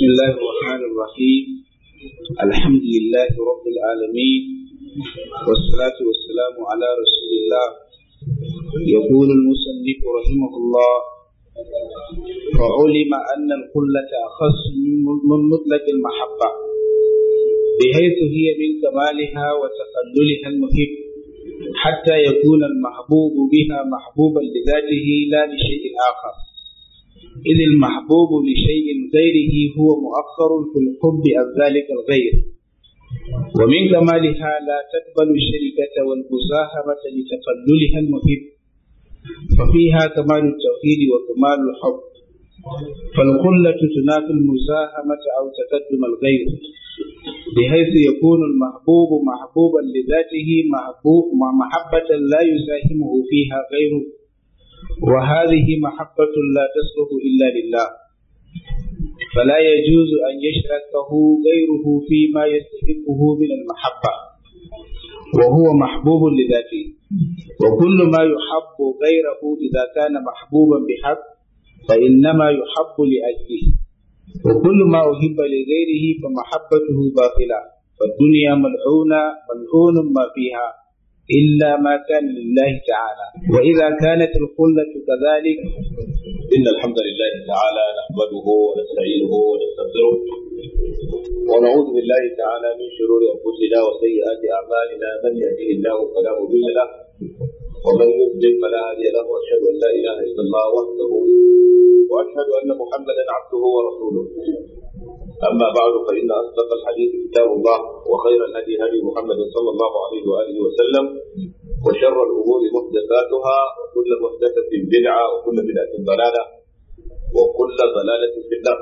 بسم الله الرحمن الرحيم الحمد لله رب العالمين والصلاة والسلام على رسول الله يقول المصنف رحمه الله فعلم أن القلة أخص من مطلق المحبة بحيث هي من كمالها وتقللها المحب حتى يكون المحبوب بها محبوبا لذاته لا لشيء آخر إذ المحبوب لشيء غيره هو مؤخر في الحب عن ذلك الغير ومن كمالها لا تقبل الشركة والمساهمة لتقللها المحب ففيها كمال التوحيد وكمال الحب فالقلة تنافي المساهمة أو تقدم الغير بحيث يكون المحبوب محبوبا لذاته محبوب مع محبة لا يساهمه فيها غيره وهذه محبة لا تصلح إلا لله فلا يجوز أن يشركه غيره فيما يستحقه من المحبة وهو محبوب لذاته وكل ما يحب غيره إذا كان محبوبا بحق فإنما يحب لأجله وكل ما أحب لغيره فمحبته باطلة فالدنيا ملعونة ملعون ما فيها إلا ما كان لله تعالى وإذا كانت الخلة كذلك إن الحمد لله تعالى نحمده ونستعينه ونستغفره ونعوذ بالله تعالى من شرور أنفسنا وسيئات أعمالنا من يهده الله فلا مضل له ومن يضلل فلا هادي له وأشهد أن لا إله إلا الله وحده وأشهد أن محمدا عبده ورسوله أما بعد فإن أصدق الحديث كتاب الله وخير الهدي هدي محمد صلى الله عليه وآله وسلم وشر الأمور محدثاتها وكل محدثة بدعة وكل بدعة ضلالة وكل ضلالة في النار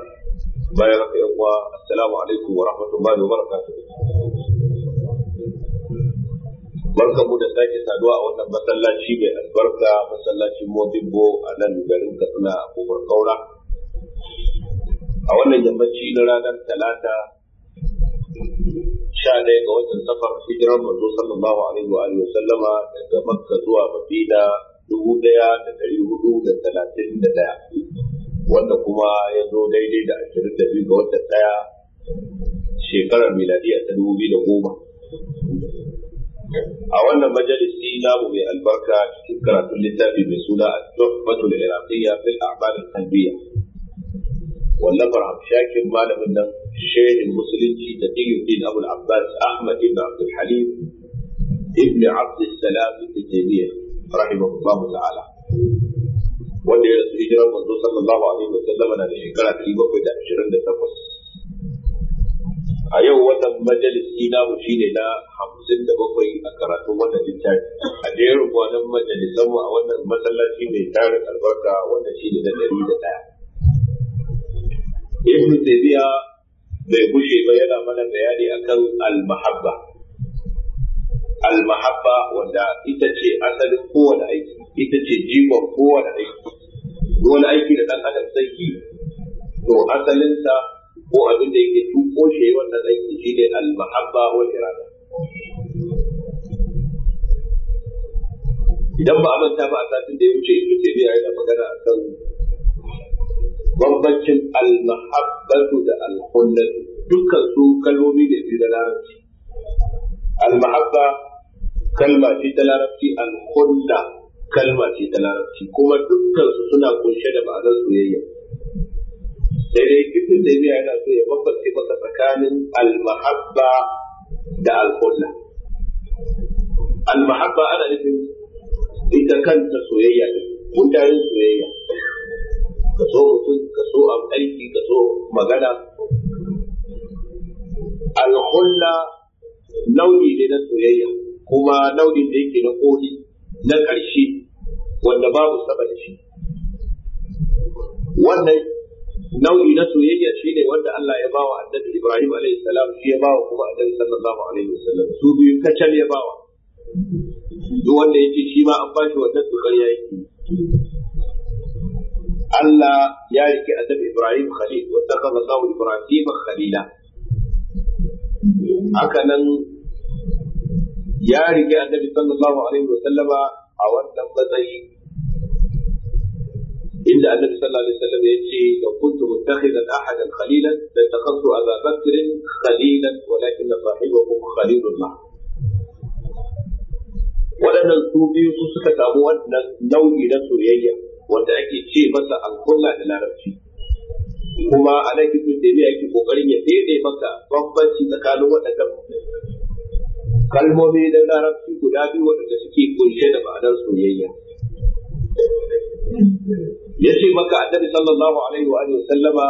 بارك الله السلام عليكم ورحمة الله وبركاته barka mu da sake saduwa a wannan masallaci mai albarka masallacin modibbo a nan garin a wannan yammaci na ranar talata sha ɗaya ga watan safar hijirar manzo sallallahu alaihi wa alihi sallama daga makka zuwa madina dubu ɗaya da ɗari hudu da talatin da ɗaya wanda kuma ya zo daidai da ashirin da biyu ga watan ɗaya shekarar miladiya ta dubu biyu da goma a wannan majalisi namu mai albarka cikin karatun littafi mai suna a tuhfatul iraqiyya fil a'malin al wallafar hamshakin malamin nan shehin musulunci da ɗiyuddin abul abbas ahmad ibn abdul halim ibn abdul salam ibn taymiya rahimahullahu ta'ala wanda ya rasu hijirar manzo sallallahu alaihi wa sallama na da shekara 728 a yau wannan majalisi namu shine na 57 a karatun wannan littafi a jerin wannan majalisanmu a wannan masallaci mai tarin albarka wannan shine na 101 ibn taymiya bai gushe ba yana mana bayani akan al-mahabba al-mahabba wanda ita ce asalin kowane aiki ita ce jiwon kowane aiki wani aiki da dan adam zai yi to asalinsa ko abin da yake tuko shi wannan aiki shine al-mahabba wal irada idan ba a manta ba a satin da ya wuce ibn taymiya yana magana akan bambancin almahabbatu da alhullatu dukkan su kalmomi ne biyu da larabci almahabba kalma ce da larabci alhulla kalma ce da larabci kuma dukkan su suna kunshe da ma'anar soyayya daidai ibn taymiya yana so ya bambance maka tsakanin almahabba da alhulla almahabba ana nufin ita kanta soyayya mutanen soyayya ka so mutum ka so aiki ka so magana alhulla nau'i ne na soyayya kuma nau'in da yake na koli na ƙarshe wanda babu saba da shi wannan nau'i na soyayya shi ne wanda Allah ya bawa annabi Ibrahim alaihi salam shi ya bawa kuma annabi sallallahu alaihi wasallam su biyu kacal ya bawa duk wanda yake shi ma an bashi wannan to yayi ألا يارك أدب إبراهيم خليل واتخذ الله إبراهيم خليلا أكلا يارك أدب صلى الله عليه وسلم أو أنت إلا أن النبي صلى الله عليه وسلم يجي لو كنت متخذا أحدا خليلا لاتخذت أبا بكر خليلا ولكن صاحبكم خليل الله ولنا الصوفي صوفي كتابه أن نوي نسوي wanda ake ce masa alkulla da larabci kuma a nan kitin da ne yake kokarin ya daidai maka bambanci tsakanin waɗannan kalmomi na larabci guda biyu waɗanda suke kunshe da ma'anar soyayya ya ce maka annabi sallallahu alaihi wa sallama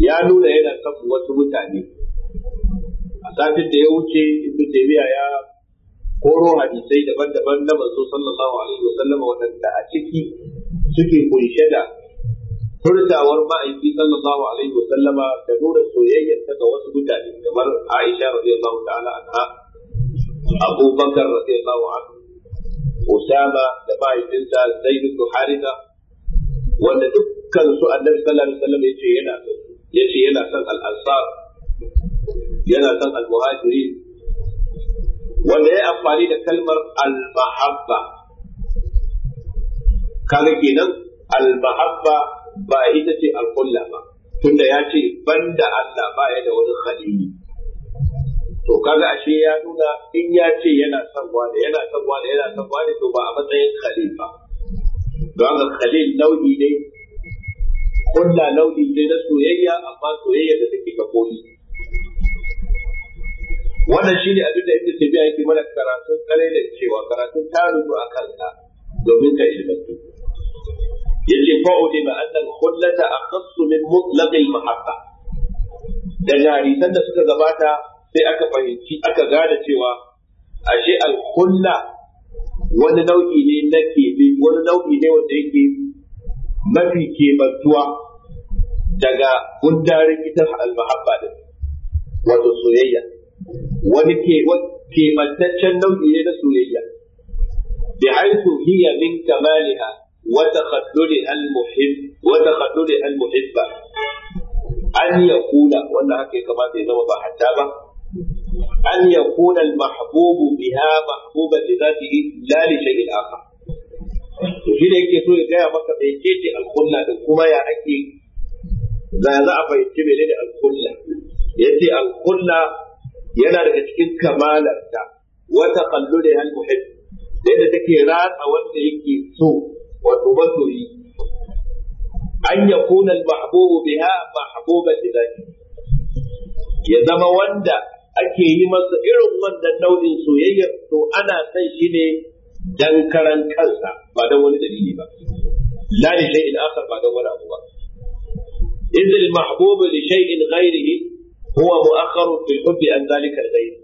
ya nuna yana kan wasu mutane a safin da ya wuce ibnu taymiya ya koro hadisai daban-daban na manzo sallallahu alaihi wa sallama waɗanda a ciki suke kunshe da furtawar ma'aiki sallallahu alaihi wasallama da nuna soyayyar ta ga wasu mutane kamar Aisha radiyallahu ta'ala anha Abu Bakar radiyallahu anhu Usama da ma'aikinsa Zaid bin Haritha wanda dukkan su Annabi sallallahu alaihi wasallam yace yana yace yana son al-Ansar yana son al-Muhajirin wanda ya amfani da kalmar al-mahabba kaga kenan al-mahabba ba ita ce al-qulla ba tunda ya ce banda Allah ba ya da wani khalili to kaga ashe ya nuna in ya ce yana son wani yana son wani yana son wani to ba a matsayin khalifa don haka khalil nau'i ne kulla nau'i ne na soyayya amma soyayya da take ka koyi wannan shi ne abin da ibn tabi'a yake mana karatun kare da cewa karatun ta rubu a kansa domin ka ilmantu yace fa'ulim anna al-khullata akhassu min mutlaq al-mahabba da jarisan da suka gabata sai aka fahimci aka gane cewa ashe al-khulla wani nau'i ne na kebe wani nau'i ne mafi kebantuwa daga gundarin ita al wato soyayya wani kebantaccen nau'i ne na soyayya min وتخلل المحب وتخلل المحبة أن يكون وأن هكذا كما في نوبة حتى أن يكون المحبوب بها محبوبا لذاته لا لشيء آخر shi da yake so ya gaya maka mai ce alkulla din kuma ya ake za za a alkulla ya ce yana daga cikin kamalarta wata kallo da ya da yadda take ratsa wanda yake so An ya kunan Mahbubu المحبوب Mahbuban محبوبا Ya zama wanda ake yi masa irin wannan nau'in soyayya to ana son shi ne dan karan kansa ba dan wani dalili ba la li shay'in akhar ba dan wani abu ba idh al mahbub li shay'in ghayrihi huwa mu'akhkhar fi hubbi an dhalika al ghayr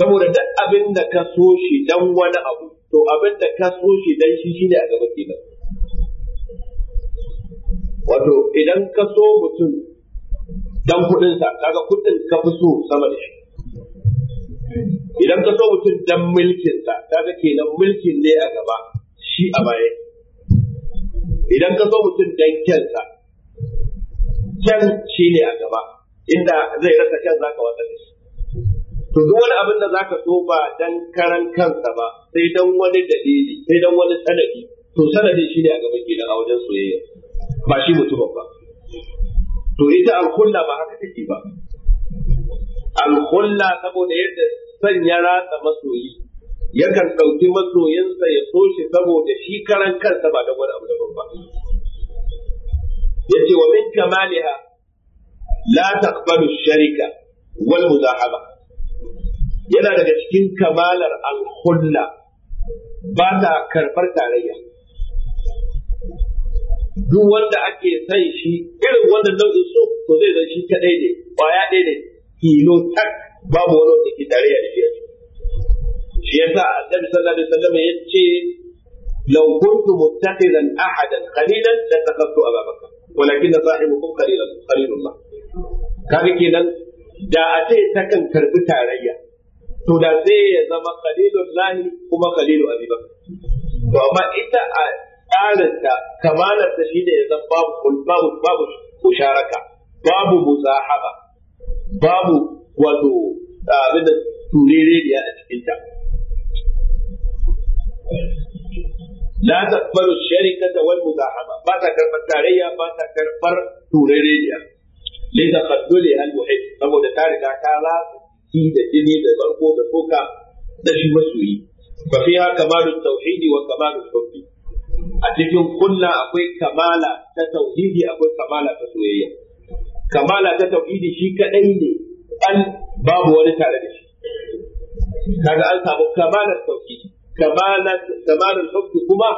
saboda duk abin da ka so shi dan wani abu to abin da ka so shi dan shi shine a gaba kenan wato idan ka so mutum dan kuɗinsa kaga kudin ka fi so sama da shi idan ka so mutum dan sa kaga kenan mulkin ne a gaba shi a baya idan ka so mutum dan sa kyan shi ne a gaba inda zai rasa kyan zaka wata da to duk wani abin da ka so ba don karan kansa ba sai don wani dalili sai don wani sanadi to sanadin shi ne a gaban gidan a wajen soyayya ba shi mutumin ba to ita alkulla ba haka take ba alkulla saboda yadda son ya ratsa masoyi yakan ɗauki masoyinsa ya so shi saboda shi karan kansa ba don wani abu da ba yace wa min kamaliha la taqbalu sharika wal muzahaba yana daga cikin kamalar alhulla ba ta karɓar tarayya duk wanda ake sai shi irin wanda nau'in so to zai zan shi kadai ne kwaya ɗaya ne kilo tak babu wani wanda ke tarayya da shi shi yasa annabi sallallahu alaihi wasallam ya ce law kuntu متخذا ahadan qalilan la taqattu بكر walakin صاحبكم qalilan qalilullah الله كان da a ce takan karbi tarayya to da zai ya zama kalilun lahi kuma kalilun abubakar to amma ita a tsarinta kamalar ta shi ne ya zama babu babu usharaka babu busa haɓa, babu wato abin da turere da a cikinta la ta faru sharika da wani busa haɓa. ba ta karɓar tarayya ba ta karɓar turere da ya lita kaddole alwahid saboda ta riga ta lasa ki da jini da barko da tsoka da shi masoyi fa ha kamalul tauhidi wa kamalul hubbi a cikin kulla akwai kamala ta tauhidi akwai kamala ta soyayya kamala ta tauhidi shi kadai ne an babu wani tare da shi kaga an samu kamalar tauhidi kamalar kamalar hubbi kuma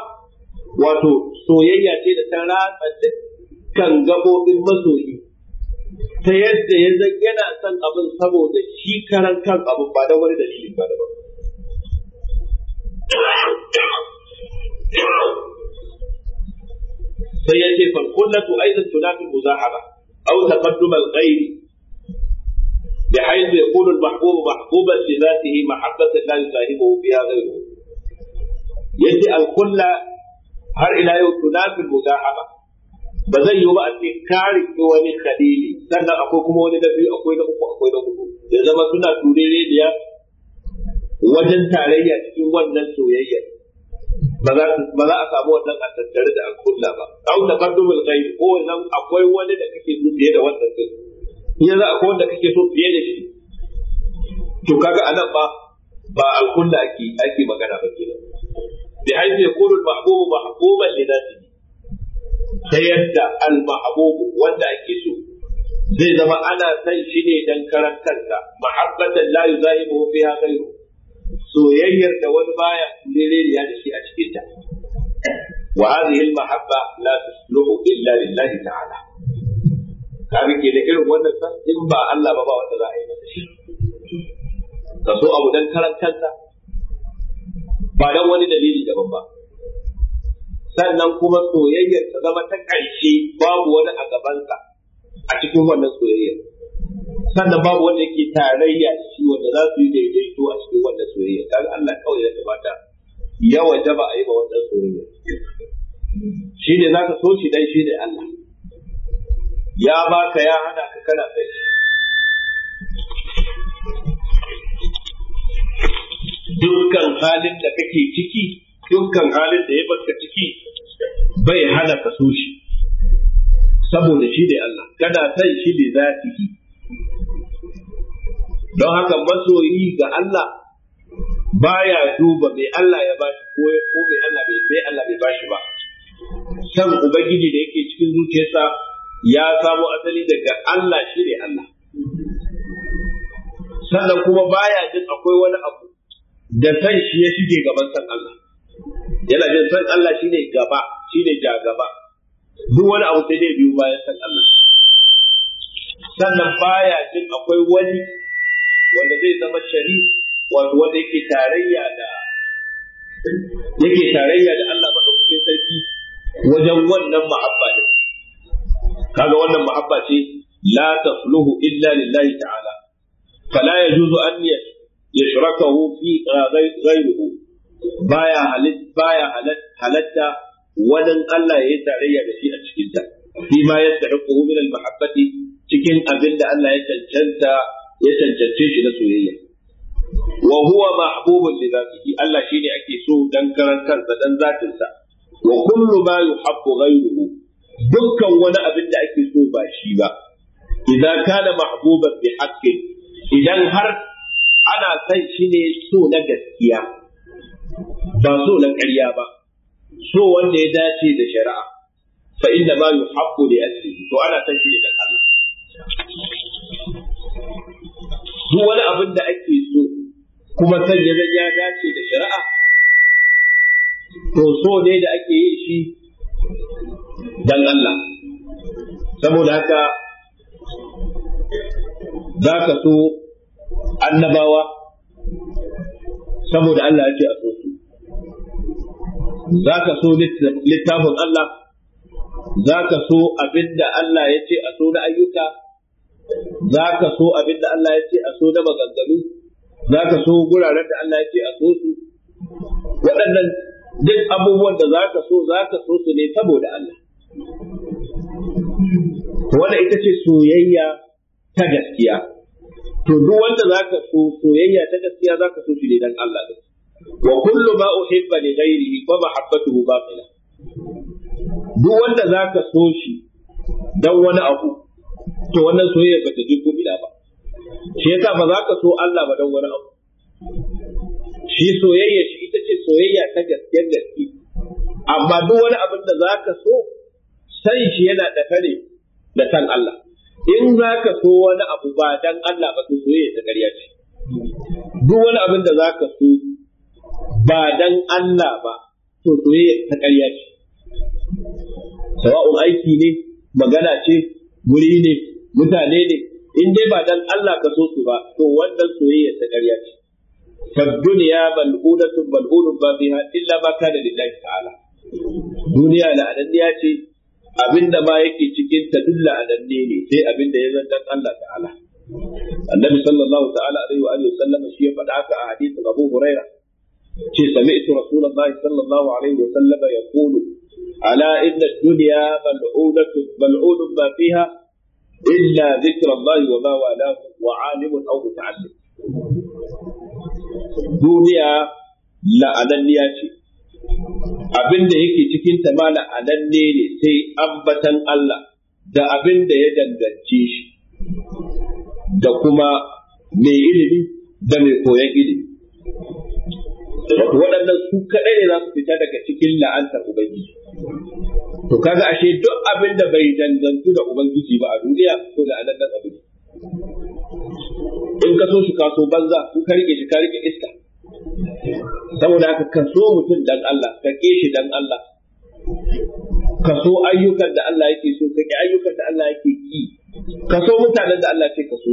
wato soyayya ce da ta ratsa dukkan gabobin masoyi ta yadda ya zan yana son abin saboda shi karan kan abin ba da wani dalilin ba da ba. sai ya ce farkullatu aizan tunafi muzahara au taqaddumal ghairi bi haythu yaqulu al mahbub mahbuban li dhatihi mahabbatu la yusahibu ya ghayru yadi al kulla har ila fi tunafi muzahara ba zai yiwu ba a ce kare riƙe wani khalili sannan akwai kuma wani na biyu akwai na uku akwai na hudu ya zama suna turere da wajen tarayya cikin wannan soyayya ba za a samu wannan a tattare da akulla ba au da bil ghaib ko wannan akwai wani da kake so fiye da wannan din ya za akwai wanda kake so fiye da shi to kaga anan ba ba al-kulla ake ake magana ba kenan bi haifi yakunu al-mahbubu mahbuban li dhati ta yadda al-mahbubu wanda ake so zai zama ana san shi ne dan karan kansa mahabbatan la yuzahibu fiha ghayru soyayyar da wani baya kurereniya da shi a cikin ta wa hadhihi al-mahabba la tusluhu illa lillahi ta'ala kabi ke da irin wannan san in ba Allah ba ba wanda za a yi masa shi ka so abu dan karan kansa ba dan wani dalili daban ba sannan kuma soyayyar ta zama ta ƙarshe babu wani a gabansa a cikin wannan soyayyar sannan babu wanda yake tarayya da shi wanda za su yi daidaito a cikin wannan soyayya kaga Allah kawai ya gabata ya wajaba a yi wa wannan soyayya shi ne za ka so shi dan shi ne Allah ya baka ya hana ka kana kai dukkan halin da kake ciki dukkan halin da ya baka ciki bai hana ka so shi saboda shi ne Allah kana san shi ne zatihi don haka masoyi ga Allah baya duba mai Allah ya bashi ko ko mai Allah bai bai Allah bai bashi ba san ubangiji da yake cikin zuciyarsa ya samo asali daga Allah shi ne Allah sannan kuma baya jin akwai wani abu da san shi ya shige gaban san Allah yana jin san Allah shine gaba shine ja gaba duk wani abu sai dai biyu bayan san Allah sannan baya jin akwai wani wanda zai zama shari wato wanda yake tarayya da yake tarayya da Allah madaukakin sarki wajen wannan ma'abba din kaga wannan muhabba ce la tafluhu illa lillahi ta'ala fala yajuzu an yashrakahu fi ghayrihi baya baya halatta wannan Allah ya yi tarayya da shi a cikin ta fi ma yastahiqu min al-mahabbati cikin abin da Allah ya cancanta ya cancance shi na soyayya wa huwa mahbubun li zatihi Allah shine ake so dan karan kansa dan zatin sa wa kullu ma yuhabbu ghayruhu dukkan wani abin da ake so ba shi ba idan kana mahbuban bi haqqin idan har ana san shi ne so na gaskiya ba so na ƙarya ba so wanda ya dace da shari'a fa inda ma haƙo da yasi, to ana san shi da Allah duk wani abin da ake so kuma san ya ya dace da shari'a to so ne da ake yi shi dan Allah saboda haka za ka so annabawa saboda Allah ya ce a so za ka so littafin Allah za ka so abinda Allah ya ce a so na ayyuka za ka so abinda Allah ya ce a so na maganganu za ka so guraren da Allah ya ce a so su waɗannan duk abubuwan da za ka so za ka so su ne saboda Allah wanda ita ce soyayya ta gaskiya to duk wanda za ka so soyayya ta gaskiya za ka so shi ne dan Allah din wa kullu ma uhibba li ghayrihi fa mahabbatuhu batila duk wanda zaka so shi dan wani abu to wannan soyayya bata ji ko ila ba shi yasa ba za ka so Allah ba dan wani abu shi soyayya shi ita ce soyayya ta gaskiyar gaske amma duk wani abin da za ka so sai shi yana da kare da san Allah in za ka so wani abu ba dan Allah ba to soyayya ta ƙarya ce duk wani abin da za ka so ba dan Allah ba to ya ta ƙarya ce sawa'un aiki ne magana ce wuri ne mutane ne in dai ba dan Allah ka so su ba to wannan soyayya ta ƙarya ce فالدنيا ملعونة ملعون ما فيها إلا ما كان لله تعالى دنيا لعننيا ce abinda ba yake cikin ta dulla la'ananne ne sai abinda ya zanta Allah ta'ala annabi sallallahu ta'ala alaihi wa alihi sallama shi ya faɗa haka a hadisin Abu Hurairah ce sami'tu rasulullahi sallallahu alaihi wa sallama yaqulu ala inna ad-dunya mal'unatu mal'unun ma fiha illa dhikrullahi wa ma walahu wa 'alimun aw muta'allim duniya la'ananniya ce abinda da yake cikin ta ma la'ananne ne sai ambatan Allah da abinda ya danganci shi da kuma mai ilimi da mai koyon ilimi waɗannan su kaɗai ne za su fita daga cikin la'antar ubangiji to kaga ashe duk abin da bai dangantu da ubangiji ba a duniya ko da anan nan abin in ka so shi kaso banza ko ka rike shi ka rike iska saboda haka ka so mutum dan Allah ka ke shi dan Allah ka so ayyukan da Allah yake so ka ki ayyukan da Allah yake ki ka so mutanen da Allah ce ka so su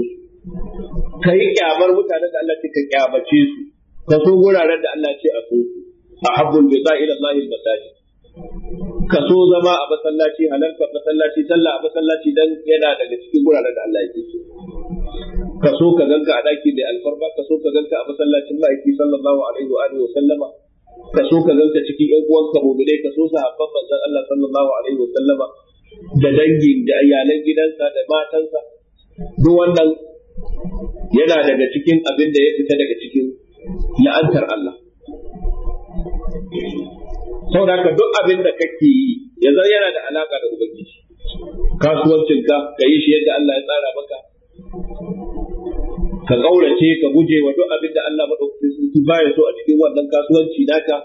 ka yi kyamar mutanen da Allah ce ka kyamace su ka wuraren da Allah ce a so a habbul bida ila Allah al ka so zama a masallaci halarta masallaci sallah a masallaci dan yana daga cikin wuraren da Allah yake so ka so ka ganka a daki da alfarma ka so ka ganka a masallacin ma'aiki sallallahu alaihi wa alihi wa sallama ka so ka ganka cikin ƴan uwanka mu'minai ka so sahabban manzon Allah sallallahu alaihi wa sallama da dangin da iyalan gidansa da matansa duk wannan yana daga cikin abin da ya fita daga cikin la'antar Allah saboda ka duk abin da kake yi yanzu yana da alaƙa da ubangiji kasuwancinka ka yi shi yadda Allah ya tsara maka ka ƙaurace ka guje wa duk abin da Allah maɗaukakin sarki baya so a cikin wannan kasuwanci naka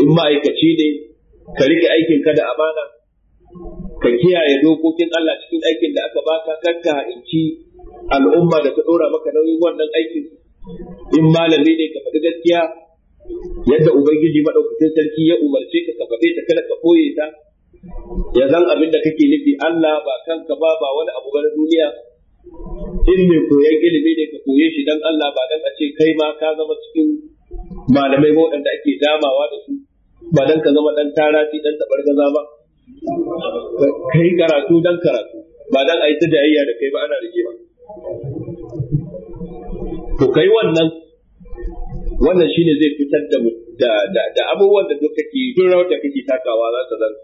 in ma'aikaci ne ka riƙe aikin ka da amana ka kiyaye dokokin Allah cikin aikin da aka baka kanka ha'inci al'umma da ta ɗora maka nauyin wannan aikin in malami ne ka faɗi gaskiya yadda ubangiji maɗaukacin sarki ya umarce ka ka faɗe ta kada ka koye ta ya zan abin da kake nufi Allah ba kanka ba ba wani abu ba na duniya in mai koyan ilimi ne ka koye shi dan Allah ba dan a ce kai ma ka zama cikin malamai ba waɗanda ake damawa da su ba dan ka zama dan tarati dan tabargaza ba kai karatu dan karatu ba dan a yi ta jayayya da kai ba ana rige ba to kai wannan wannan shine zai fitar da da da abubuwan da duk kake duk rawar da kake takawa za ta zan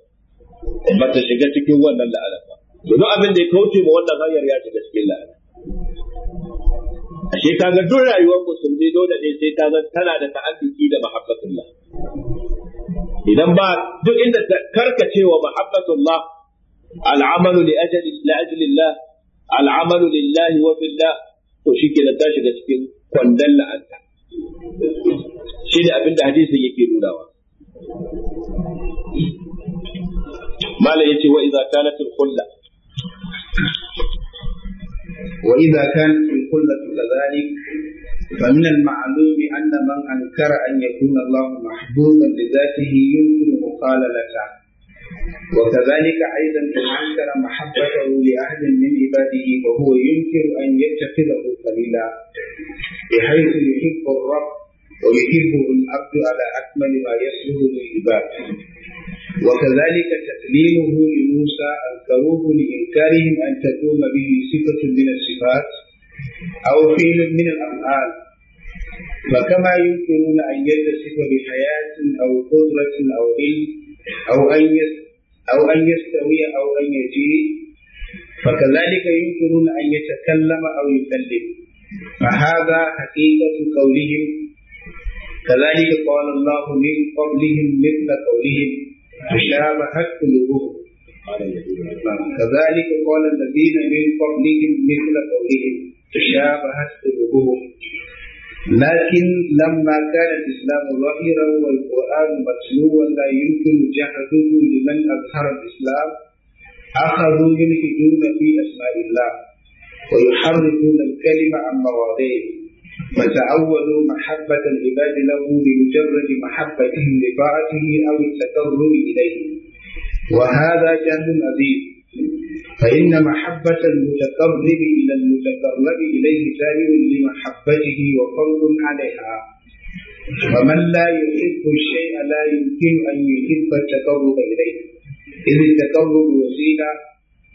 ba ta shiga cikin wannan la'ana ba to abin da ya kauce ma wannan hanyar ya shiga cikin la'ana ashe ka ga duk rayuwar musulmi dole ne sai ta zan tana da ta'adduki da mahabbatullah idan ba duk inda karkacewa mahabbatullah al'amalu li ajli la ajli al'amalu lillahi wa billah to shi kenan ta shiga cikin kwandon la'anta shi ne abin da hadisin yake nunawa malam yace wa idza kanat al khulla wa idza kanat al khulla kadhalik فمن المعلوم أن من أنكر أن يكون الله محبوبا لذاته يمكن مخالفته وكذلك أيضا من أنكر محبته لأحد من عباده فهو ينكر أن يتخذه خليلا بحيث يحب الرب ويحبه العبد على أكمل ما يصلح للعباد وكذلك تكليمه لموسى الكروه لإنكارهم أن تقوم به صفة من الصفات أو فعل من الأفعال فكما يمكنون أن يتصف بحياة أو قدرة أو علم أو أن أو أن يستوي أو أن يجيء فكذلك يمكنون أن يتكلم أو يكلم فهذا حقيقة قولهم كذلك قال الله من قبلهم مثل قولهم تشابهت قلوبهم كذلك قال الذين من قبلهم مثل قولهم تشابهت قلوبهم لكن لما كان الإسلام ظاهرا والقرآن متلوا لا يمكن جهده لمن أظهر الإسلام أخذوا يلحدون في أسماء الله ويحرفون الكلمة عن مواضعه فتعودوا محبة العباد له لمجرد محبتهم لطاعته أو التقرب إليه وهذا جهل عظيم فإن محبة المتقرب إلى المتقرب إليه تابع لمحبته وفرض عليها ومن لا يحب الشيء لا يمكن أن يحب التقرب إليه إذ التقرب وسيلة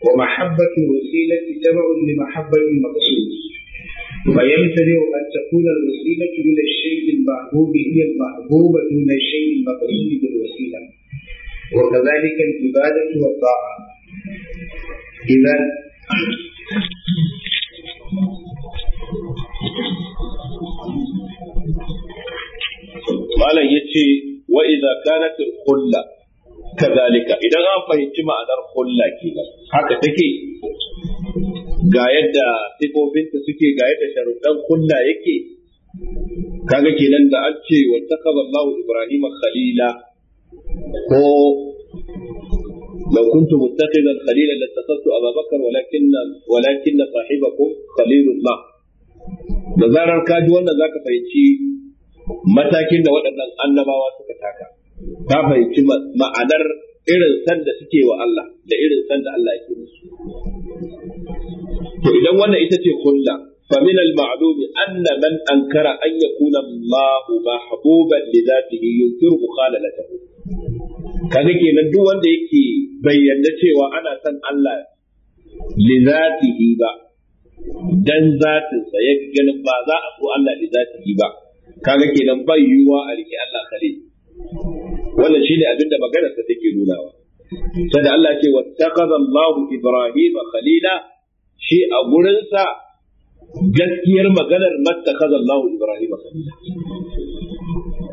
ومحبة الوسيلة تبع لمحبة المقصود فيمتنع أن تكون الوسيلة إلى الشيء المحبوب هي المحبوبة دون الشيء المقصود بالوسيلة وكذلك العبادة والطاعة malam yace ce wa idza kanat khulla kazalika idan an fahimci ma'anar khulla kenan haka take ga yadda sifofinta suke ga yadda sharuɗan khulla yake kaga kenan da an ce wa takaza Allahu khalila ko لو كنت متخذا خليلا لاتخذت ابا بكر ولكن ولكن صاحبكم خليل الله da zarar ka ji wannan zaka fahimci matakin da waɗannan annabawa suka taka ka fahimci ma'anar irin sanda suke wa Allah da irin sanda Allah yake musu to idan wannan ita ce kulla فمن المعلوم أن من أنكر أن يكون الله محبوبا لذاته ينكر مخالفته kaga kenan duk wanda yake bai yarda cewa ana son Allah li zatihi ba dan zatinsa ya ganin ba za a so Allah li zatihi ba kaga kenan bai yiwuwa a riki Allah khalil wannan shine abin da maganar sa take nunawa sai da Allah ce wattaqaza Allahu Ibrahim khalila shi a gurin gaskiyar maganar mattaqaza Allahu Ibrahim khalila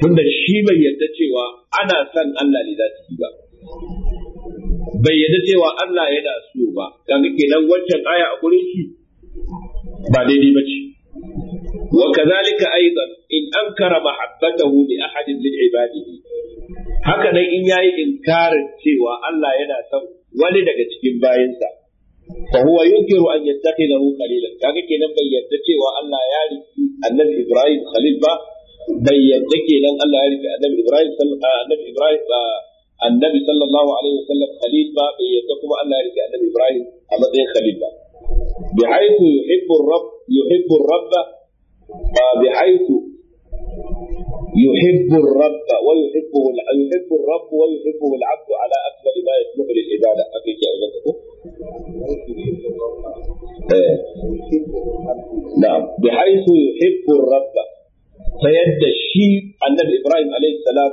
tunda shi bai yadda cewa ana son Allah li zatihi ba bai yadda cewa Allah yana so ba kaga kenan wancan aya a gurin shi ba daidai ba ce wa kazalika aiza in an ankara hudu a ahadin min ibadihi haka nan in yayi inkarin cewa Allah yana son wani daga cikin bayansa. fa huwa yunkiru an yattakhidahu khalilan kaga kenan bai yadda cewa Allah ya riki annabi Ibrahim khalil ba bai yarda kenan Allah ya rike annabi Ibrahim annabi Ibrahim النبي صلى الله عليه وسلم خليفة bai yadda kuma Allah ya rike خليفة بحيث يحب الرب يحب الرب بحيث يحب الرب ويحبه يحب الرب ويحبه العبد على اكمل ما يصلح للعباده اكيد يا ولدكم إيه. نعم بحيث يحب الرب فيد الشيء النبي ابراهيم عليه السلام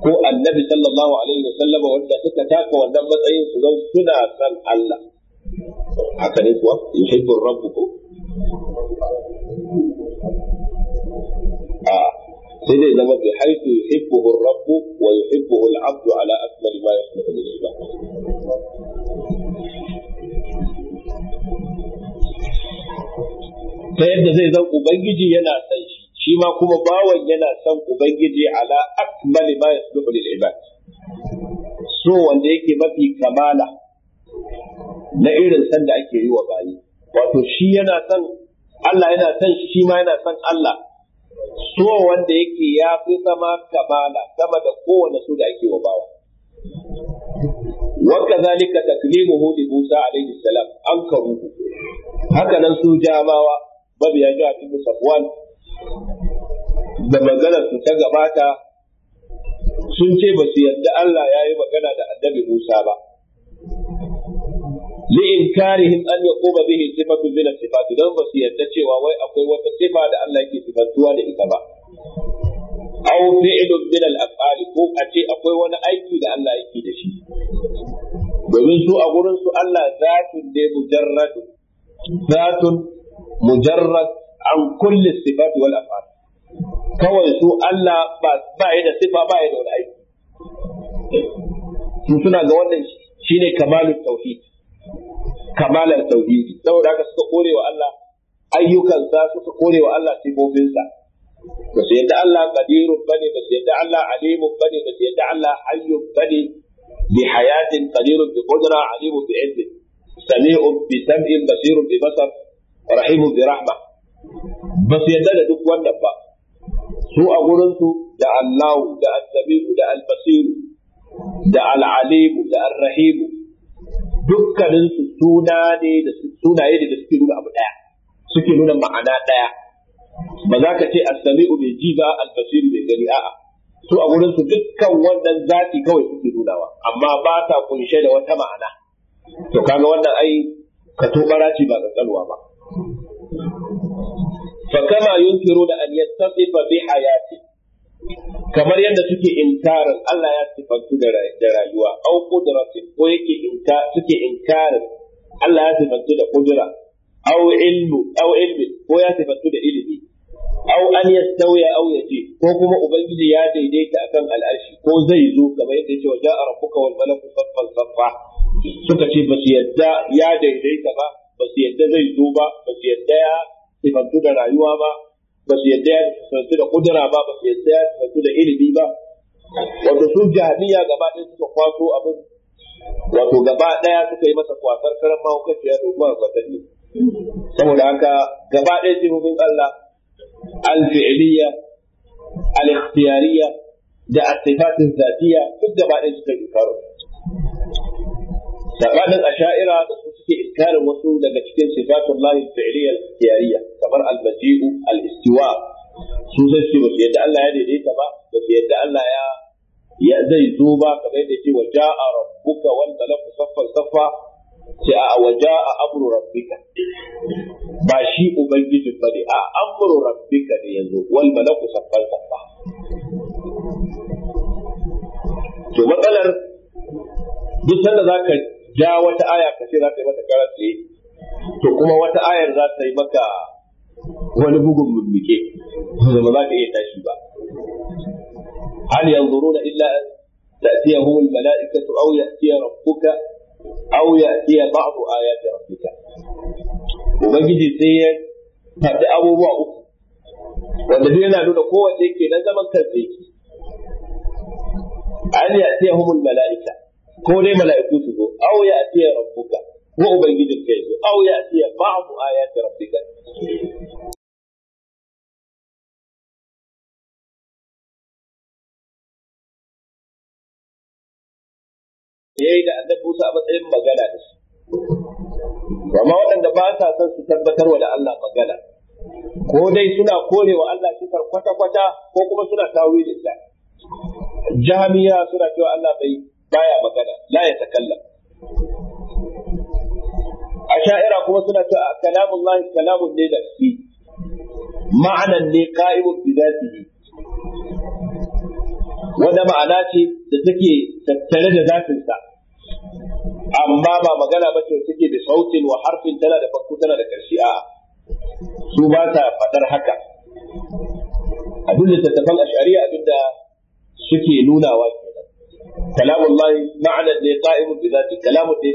ko annabi sallallahu alaihi wasallama wanda suka taka wannan matsayin su zan suna san Allah haka ne kuwa yuhibbu rabbukum a ah, sai dai zama bi haitu yuhibbuhu rabbu wa yuhibbuhu al-abdu ala akmali ma yakhluqu lil ba. ta yadda zai zan ubangiji yana san shi ma kuma bawan yana son ubangiji ala akmali ma yasluhu lil ibad so wanda yake mafi kamala na irin san da ake yi wa bayi wato shi yana son Allah yana son shi ma yana son Allah so wanda yake ya fi sama kamala sama da kowane su da ake wa bawa Musa وكذلك تكليمه لموسى عليه السلام أنكروه هكذا سوجا ماوى مبيا جاء ابن Safwan da maganar su ta gabata sun ce ba su yarda Allah ya yi magana da annabi Musa ba. li'inkarihim an yaquma bihi sifatu min sifatu sifat dan ba su yarda cewa wai akwai wata sifa da Allah yake sifantuwa da ita ba aw fi'lun min al ko a ce akwai wani aiki da Allah yake da shi domin su a gurin su Allah zatun ne mujarrad zatun mujarrad an kulli sifati wal af'al kawai su Allah ba ya da sifa ba ya da wani aiki su suna ga wannan shine kamalul tauhid kamalar tauhid saboda haka suka kore wa Allah ayyukansa suka kore wa Allah sa ba su yadda Allah qadirun bane ba su yadda Allah alimun bane ba su yadda Allah hayyun bane bi hayatin qadirun bi qudra alimun bi ilmi sami'un bi sam'in basirun bi basar rahimun bi rahmah ba su yarda da duk wannan ba su a gurinsu da Allahu da As-Sami'u da Al-Basiru da Al-Alimu da Ar-Rahimu dukkaninsu suna ne da sunaye ne da suke nuna abu daya suke nuna ma'ana daya ba za ka ce As-Sami'u mai ji ba Al-Basiru mai gani a'a su a gurinsu dukkan wannan zati kawai suke nunawa amma ba ta kunshe da wata ma'ana to kaga wannan ai ka to ba kankanuwa ba fa kama yunkiruna an yastabiqa bi hayati kamar yadda suke inkarin Allah ya sifantu da rayuwa au qudratin ko yake inka suke inkarin Allah ya sifantu da kudura au ilmu au ilmi ko ya sifantu da ilimi au an yastawiya au yaji ko kuma ubangiji ya daidaita akan al'arshi ko zai zo kamar yadda yake wajen rabbuka wal malaku saffan saffa suka ce basu yadda ya daidaita ba basu yadda zai zo ba basu yadda ya. sifantu da rayuwa ba ba su yadda ya da kudura ba ba su yadda ya sifantu da ilimi ba wato su jahiliya gaba ɗaya suka kwaso abin wato gaba ɗaya suka yi masa kwasar karan ya domin a kwatanni saboda haka gaba ɗaya sifofin Allah al-fi'liya al-ikhtiyariya da asifatin zatiya duk gaba ɗaya suka yi karo a sha'ira da suke inkarin wasu daga cikin sifatun lahi fi'liyal ikhtiyariya kamar al-maji'u al-istiwa su su yadda Allah ya daidaita ba basu yadda Allah ya zai zo ba ka yadda ce wa ja'a rabbuka wal malaku saffan saffa sai a wa ja'a amru rabbika ba shi a amru to matsalar duk sanda zaka da wata aya ka ce za ta yi mata karar to kuma wata ayar za ta yi maka wani bugun bubbuke da ba za ka iya tashi ba hal yanzuruna illa تأتيهم aw أو rabbuka aw أو ba'd ayati آيات ubangiji sai ya فقد abubuwa uku. wanda zai yana nuna kowanne ke nan zaman kansa yake an ya'tiyahu sai humul ko dai mala'iku su zo aw ya atiya rabbuka ko ubangijin kai zo aw ya atiya ba'du ayati rabbika yayi da annabi Musa a matsayin magana da shi amma waɗanda ba sa son su tabbatar wa da Allah magana ko dai suna korewa Allah shi kwata-kwata ko kuma suna tawili da jami'a suna cewa Allah bai baya magana la ya takalla a sha'ira kuma suna ta kalamun lahi kalamun ne nafsi ma'anan ne ka'imun bidatihi wanda ma'ana ce da take tattare da zafinsa amma ba magana ba ce take da sautin wa harfin tana da farko tana da ƙarshe a su ba ta faɗar haka a duk a shari'a abinda suke nunawa ke kalamullahi ma'anar ne qa'imun bi zati kalamun ne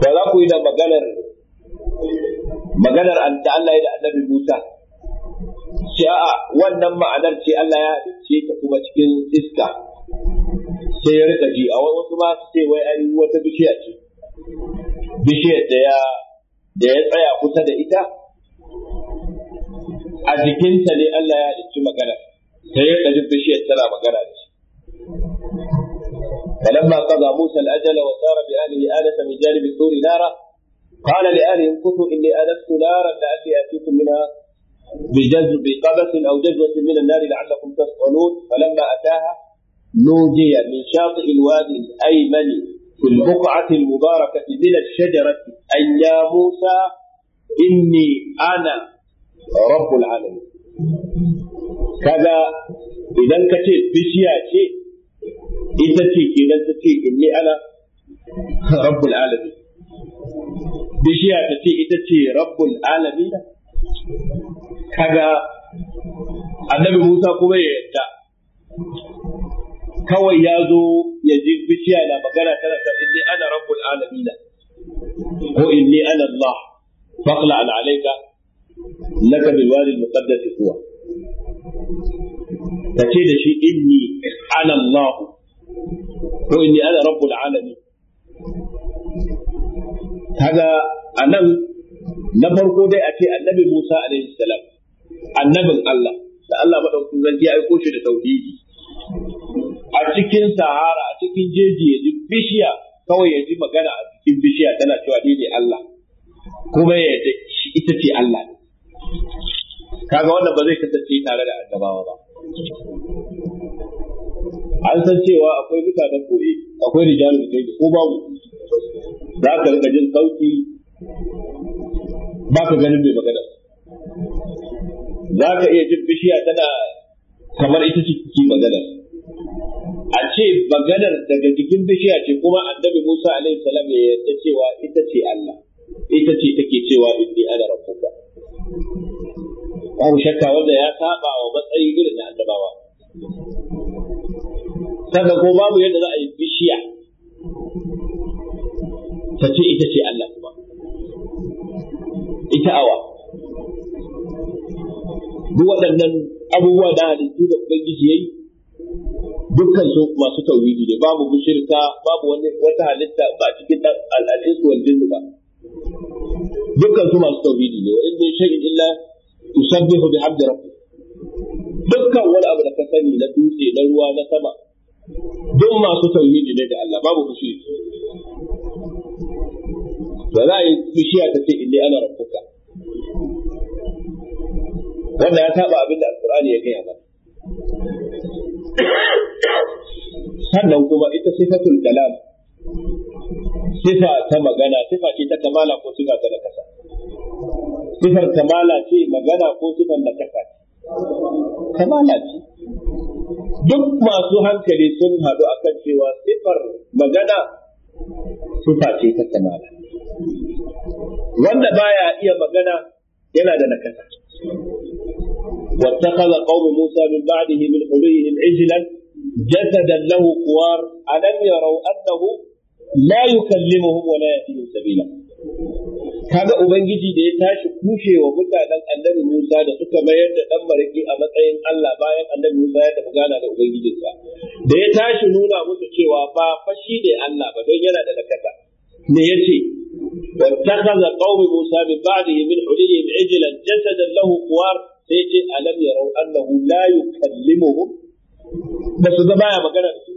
da za ku yi da maganar maganar da Allah ya da annabi Musa ce a'a wannan ma'anar ce Allah ya halicce ta kuma cikin iska sai ya rika ji a wasu ma su ce wai ai wata bishiya ce bishiyar da ya da ya tsaya kusa da ita a jikinta ne Allah ya halicci magana sai ya rika bishiyar tana magana da فلما قضى موسى الأجل وسار بأهله آنس من جانب الطور نارا قال لاهله امكثوا إني آنست نارا لعلي آتيكم منها بجذ بقبس أو جذوه من النار لعلكم تسألون فلما أتاها نودي من شاطئ الوادي الأيمن في البقعة المباركة من الشجرة أن يا موسى إني أنا رب العالمين كذا إذا كتب بشياء شيء ita ce kenan ta ce inni ana rabbul alamin bishiya ta ce ita ce rabbul alamin kaga annabi Musa kuma ya yadda kawai ya zo ya ji bishiya na magana tana ta inni ana rabbul alamin ko inni ana Allah faqla al alayka laka bil wadi al kuwa? Ta ce da shi inni ana Allah ko inni ana rabbul alami. kaga anan na farko dai a ce annabi Musa alaihi salam annabin Allah da Allah madaukakin zan ya aiko shi da tauhidi a cikin sahara a cikin jeji ya bishiya kawai yaji magana a cikin bishiya tana cewa ni ne Allah kuma ya ji ita ce Allah kaga wannan ba zai kasance tare da annabawa ba an san cewa akwai mutanen koye akwai rijalul gaibi ko babu za ka rika jin sauki ba ka ganin mai magana za ka iya jin bishiya tana kamar ita ce ki magana a ce maganar daga jikin bishiya ce kuma annabi Musa alaihi salam ya yarda cewa ita ce Allah ita ce take cewa inni ana rabbuka babu shakka wanda ya saba wa matsayi irin na annabawa saka ko babu yadda za a yi bishiya ta ce ita ce Allah kuma ita awa duk waɗannan abubuwa da halittu da ubangiji yayi dukkan su masu tauhidi ne babu mushirka babu wani wata halitta ba cikin dan al'adis wal jinnu ba dukkan su masu tauhidi ne wa in min shay'in illa yusabbihu bihamdi rabbih dukkan wani abu da ka sani na dutse na ruwa na sama masu tauhidi ne da Allah babu fushi ba za a yi bishiya ta ce inni ana rabbuka wannan ya taɓa abin da alkur'ani ya gaya mana sannan kuma ita sifatul kalam sifa ta magana sifa ce ta kamala ko sifa ta nakasa sifar kamala ce magana ko sifar nakasa kamala ce duk masu hankali sun haɗu a kan cewa siffar magana su face ta kanada wanda ba ya iya magana yana da nakasa wata kaza ƙaunin musa min ba'adi himin ƙuri him ijilan jasa da lahukuwar a nan yaro an lahu na yi kalli muhimmanci da yi sabila kaga ubangiji da ya tashi kushewa mutanen annabi Musa da suka mayar da dan mariki a matsayin Allah bayan annabi Musa ya tafi gana da ubangijinsa da ya tashi nuna musu cewa ba fashi ne Allah ba don yana da nakata me yace واتخذ min موسى min بعده من حليهم عجلا جسدا له خوار سيجي ألم annahu la لا يكلمهم su ده ما magana da su.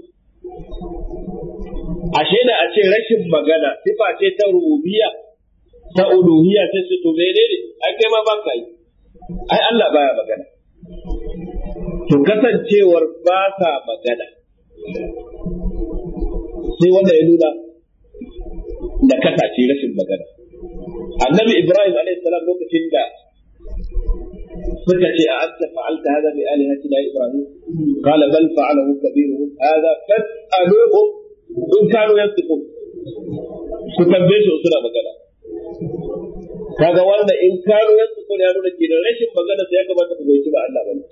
ashe da a ce rashin magana sifa ce ta rububiyya ta uluhiyya sai su to menene ai kai ma ba ka yi ai Allah baya magana to kasancewar ba sa magana sai wanda ya nuna da kasace rashin magana annabi ibrahim alayhi salam lokacin da suka ce a anta fa'alta hada bi alihatina ibrahim qala bal fa'alahu kabiruhum hada fas'aluhum in kanu yantiqun su tambaye su suna magana kaga wanda in kano ya tsoko ya nuna ke da rashin magana sai ya kamata ku goyi ba Allah bane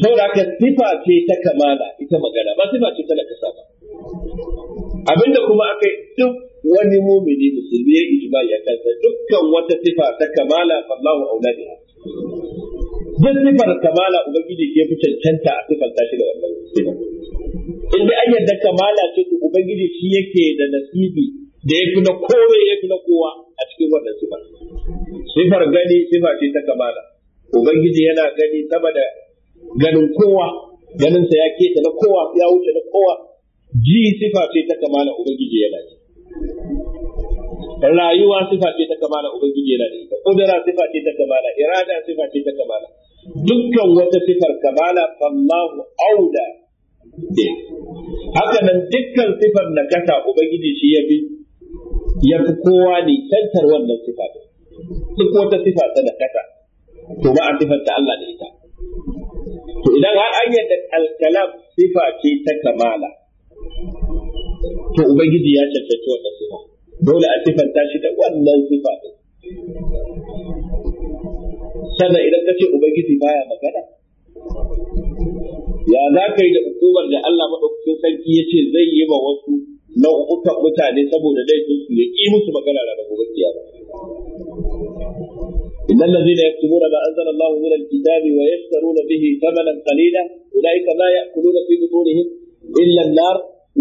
saboda haka sifa ce ta kamala ita magana ba sifa ce ta nakasa ba abinda kuma aka yi duk wani mumini musulmi ya ijma ya kansa dukkan wata sifa ta kamala fallahu auladiha duk sifar kamala ubangiji ke fi cancanta a sifar tashi da wannan sifar in da an yarda kamala ce to ubangiji shi yake da nasibi da ya fi na kowa ya fi na kowa a cikin wannan sifa sifar gani sifa ce ta kamala ubangiji yana gani sama da ganin kowa ganin sa ya keta na kowa ya wuce na kowa ji sifa ce ta kamala ubangiji yana ji rayuwa sifa ce ta kamala ubangiji yana da ita kudura sifa ce ta kamala irada sifa ce ta kamala dukkan wata sifar kamala fallahu auda haka nan dukkan sifar nakasa ubangiji shi ya fi ya fi kowa ne tantar wannan sifa din duk wata sifa ta nakasa to ba a sifar ta Allah da ita to idan har an yadda alkalam sifa ce ta kamala to ubangiji ya cancanci wannan sifa dole a sifanta shi da wannan sifa ne sannan idan ka ce ubangiji baya magana ya za ka yi da hukumar da Allah maɗaukakin sarki ya ce zai yi ma wasu na ukan mutane saboda laifin su ya ƙi musu magana da gobe kiyama إن الذين يكتبون ما أنزل الله من الكتاب ويشترون به ثمنا قليلا أولئك ما يأكلون في بطونهم إلا النار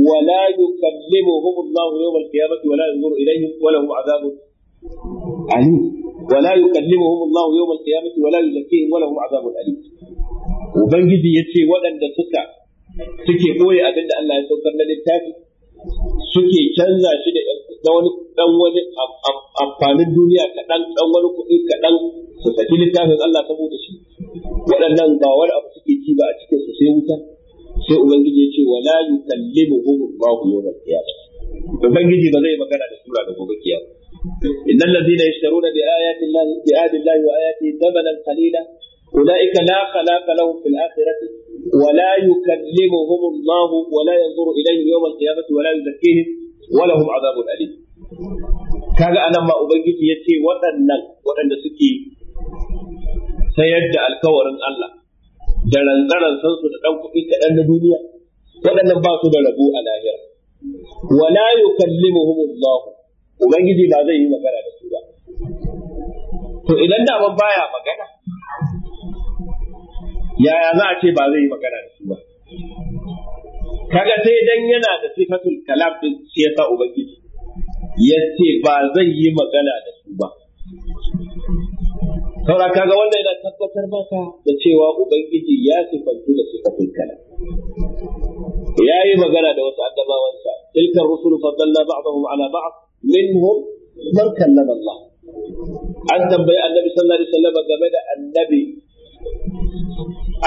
ولا يكلمهم الله يوم القيامة ولا ينظر إليهم ولهم عذاب أليم ولا يكلمهم الله يوم القيامة ولا يزكيهم ولهم عذاب أليم ubangiji ya ce waɗanda suka suke ɓoye abin da Allah ya saukar na littafi suke canza shi da wani dan wani amfanin duniya kaɗan ɗan wani kuɗi kaɗan su saki littafin Allah saboda shi waɗannan ba wani abu suke ci ba a cikin su sai wuta sai ubangiji ya ce wala yukallimuhum Allahu yawmal qiyamah ubangiji ba zai magana da sura da gobe kiyama innal ladina yashtaruna bi ayati da bi ayati Allah wa ayati thamanan qalila أولئك لا خلاق لهم في الآخرة ولا يكلمهم الله ولا ينظر إليهم يوم القيامة ولا يزكيهم ولهم عذاب أليم kaga anan ma ubangiji ya ce waɗannan waɗanda suke sayar da alkawarin Allah da rantsaran sansu da ɗan kuɗi kaɗan na duniya waɗannan ba su da rabo a lahira wala yukallimuhum Allah ubangiji ba zai yi magana da su ba to idan da baya magana yaya za a ce ba zai yi magana da su ba kaga sai dan yana da sifatul kalam din shi sa ubangiji ya ce ba zai yi magana da su ba saura kaga wanda yana tabbatar maka da cewa ubangiji ya sifantu da sifatul kalam ya yi magana da wasu annabawansa tilkar rusul faddalla ba'dahum ala ba'd minhum man kallama Allah an tambayi annabi sallallahu alaihi wasallam game da annabi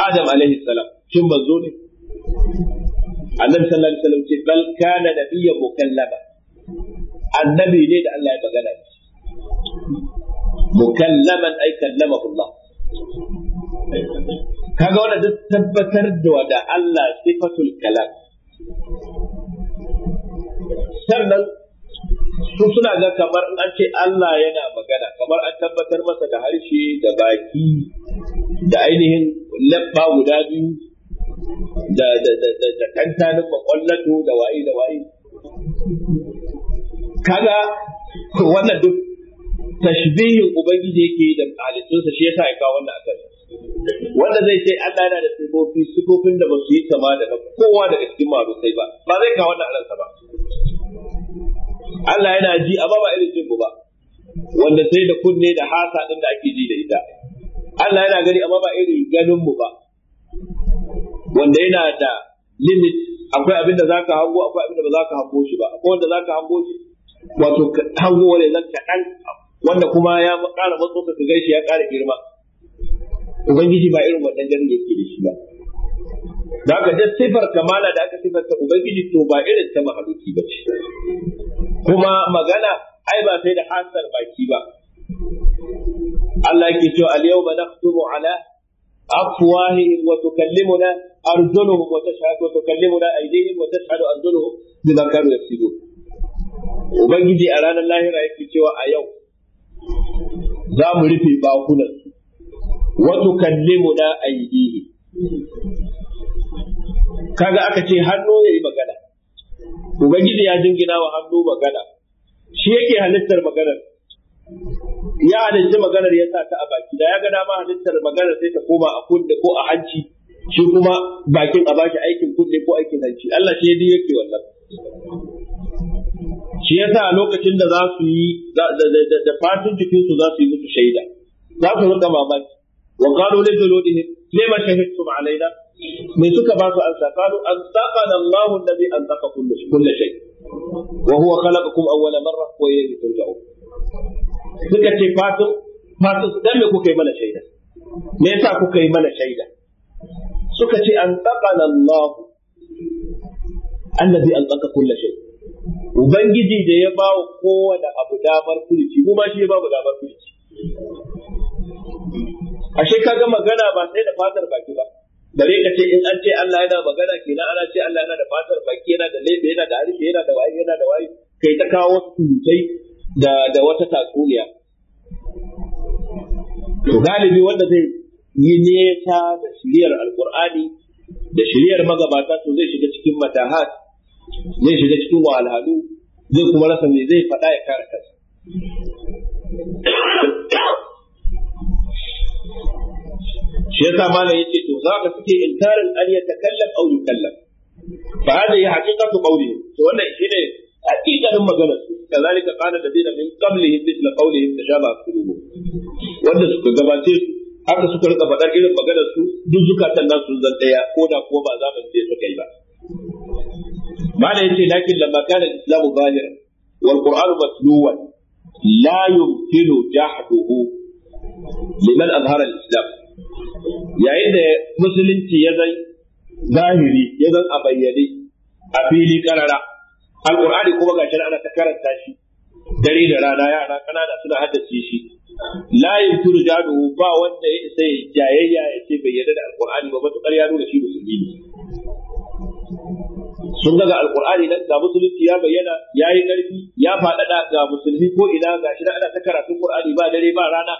adam alaihi salam shin manzo ne annabi sallallahu alaihi wasallam ce bal kana nabiyyan mukallama annabi ne da Allah ya magana da shi mukallaman ay kallamahu Allah kaga wannan duk tabbatar da da Allah sifatul kalam sannan su suna ga kamar an ce Allah yana magana kamar an tabbatar masa da harshe da baki da ainihin labba guda biyu da da da da da kantanin makwallato da wa'i da wa'i kaga wannan duk tashbihin ubangiji yake da sa shi yasa ya kawo wannan akan wanda zai ce Allah yana da sifofi sifofin da ba su yi kama da kowa daga cikin sai ba ba zai kawo wannan alansa ba Allah yana ji amma ba irin jin ba wanda sai da kunne da hasa din da ake ji da ita Allah yana gani amma ba irin ganin mu ba wanda yana da limit akwai abin da zaka hango akwai abin da ba zaka hango shi ba akwai wanda zaka hango shi wato hango wale zan kaɗan wanda kuma ya ƙara matso ka ga shi, ya ƙara girma ubangiji ba irin wannan ganin yake da shi ba da aka da sifar kamala da aka sifar ta ubangiji to ba irin ta mahaluki ba ce kuma magana ai ba sai da hasar baki ba Allah yake cewa al-yawma nakhtumu ala afwahihim wa tukallimuna arjuluhum wa tashhadu wa tukallimuna aydihim wa tashhadu arjuluhum bima kanu yaksibun ubangiji a ranar lahira yake cewa a yau za mu rufe bakunan wa tukallimuna aydihim kaga aka ce hannu yayi magana ubangiji ya jingina wa hannu magana shi yake halittar maganar ya halitta maganar ya sa ta a baki da ya ga dama halittar maganar sai ta koma a kunne ko a hanci shi kuma bakin a bashi aikin kunne ko aikin hanci Allah shi ne yake wannan shi yasa lokacin da za su yi da fatun cikin za su yi musu shaida za su rika mamaki wa qalu li dhululihim lima shahidtum alaina me suka ba su ansa qalu antaqana Allahu alladhi antaqa kullu kullu shay wa huwa khalaqakum awwala marra wa ilayhi turja'un suka ce fatu fatu dan me kuka yi mana shaida me yasa kuka yi mana shaida suka ce an antaqana Allahu alladhi antaqa kulle shay ubangiji da ya ba wa kowane abu damar kulici mu ma shi ya ba mu damar kulici ashe kaga magana ba sai da fatar baki ba bare ka ce in an ce Allah yana magana kenan ana ce Allah yana da fatar baki yana da lebe yana da harshe yana da waye yana da waye kai ta kawo tutai da da wata tatsuniya to galibi wanda zai yi nesa da shiriyar alqur'ani da shiriyar magabata to zai shiga cikin matahat zai shiga cikin wahalhalu zai kuma rasa me zai faɗa ya kare kansa shi yasa malam yace to Za zaka suke inkarin an ya takallam aw yukallam fa hadhihi haqiqatu qawlihim to wannan shine haqiqanin maganar kazalika qala alladhina min qablihim mithla qawlihim tashabaha qulubuhum wanda suka gabace su haka suka rika faɗar irin maganar su duk zukatan nasu zan daya ko da ko ba zamanin da suka kai ba mala yace lakin lamma kana islamu zahiran wal qur'anu matluwan la yumkinu jahduhu liman azhara al-islam yayin da musulunci ya zai zahiri ya zan a bayyane a fili karara Alƙur'ani kuma ga shari'a ta karanta shi dare da rana yara kanana suna haddace shi la turu jadu ba wanda ya isa ya jayayya ya ce bai yarda da Alƙur'ani ba matukar ya nuna shi musulmi ne sun ga Alƙur'ani nan ga musulunci ya bayyana yayi ƙarfi, ya faɗaɗa ga musulmi ko ina gashi ana ta karatun ƙur'ani ba dare ba rana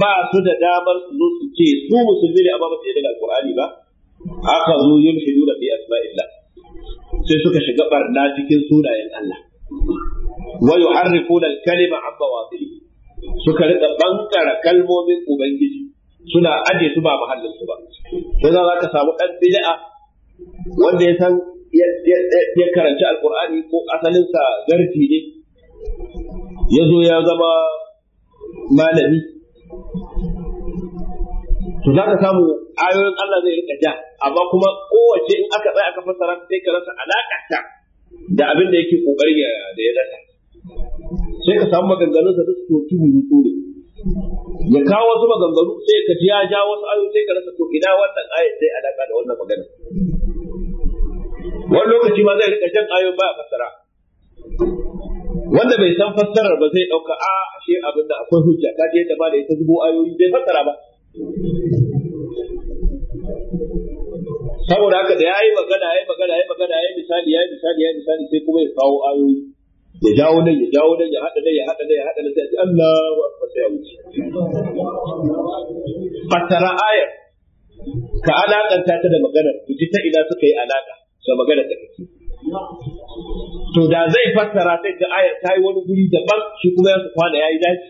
ba su da damar su zo su ce su musulmi ne amma ba su yarda daga alqur'ani ba aka zo yulhiduna fi asma'illah sai suka shiga barna cikin sunayen Allah wa yuharrifuna al-kalima an mawadihi suka rika bankara kalmomin ubangiji suna aje su ba mahallin su ba sai za ka samu dan bid'a wanda ya san ya karanci alqur'ani ko asalinsa garfi ne ya zo ya zama malami to za ka samu ayoyin Allah zai rika ja amma kuma kowace in aka tsaya aka fassara sai ka rasa ta da abin da yake kokari da ya dasa sai ka samu maganganun sa duk soki wurutu ne ya kawo wasu maganganu sai ka ji ya ja wasu ayoyi sai ka rasa to ina wannan ayat sai alaƙa da wannan magana wani lokaci ma zai rika jan ayoyin ba a fassara wanda bai san fassarar ba zai dauka a ashe abin da akwai hujja ka je da ba da ita zubo ayoyi bai fassara ba saboda haka da ya yi magana ya yi magana ya yi magana ya yi misali ya yi misali ya yi misali sai kuma ya kawo ayoyi ya jawo nan ya jawo nan ya haɗa nan ya haɗa nan ya haɗa nan sai a ce Allahu akbar wuce fassara ayar ka alaƙanta ta da maganar ku ji ta ina suka yi alaƙa, da maganar ta kake to da zai fassara sai ga ayar ta yi wani guri daban shi kuma ya su kwana ya yi daji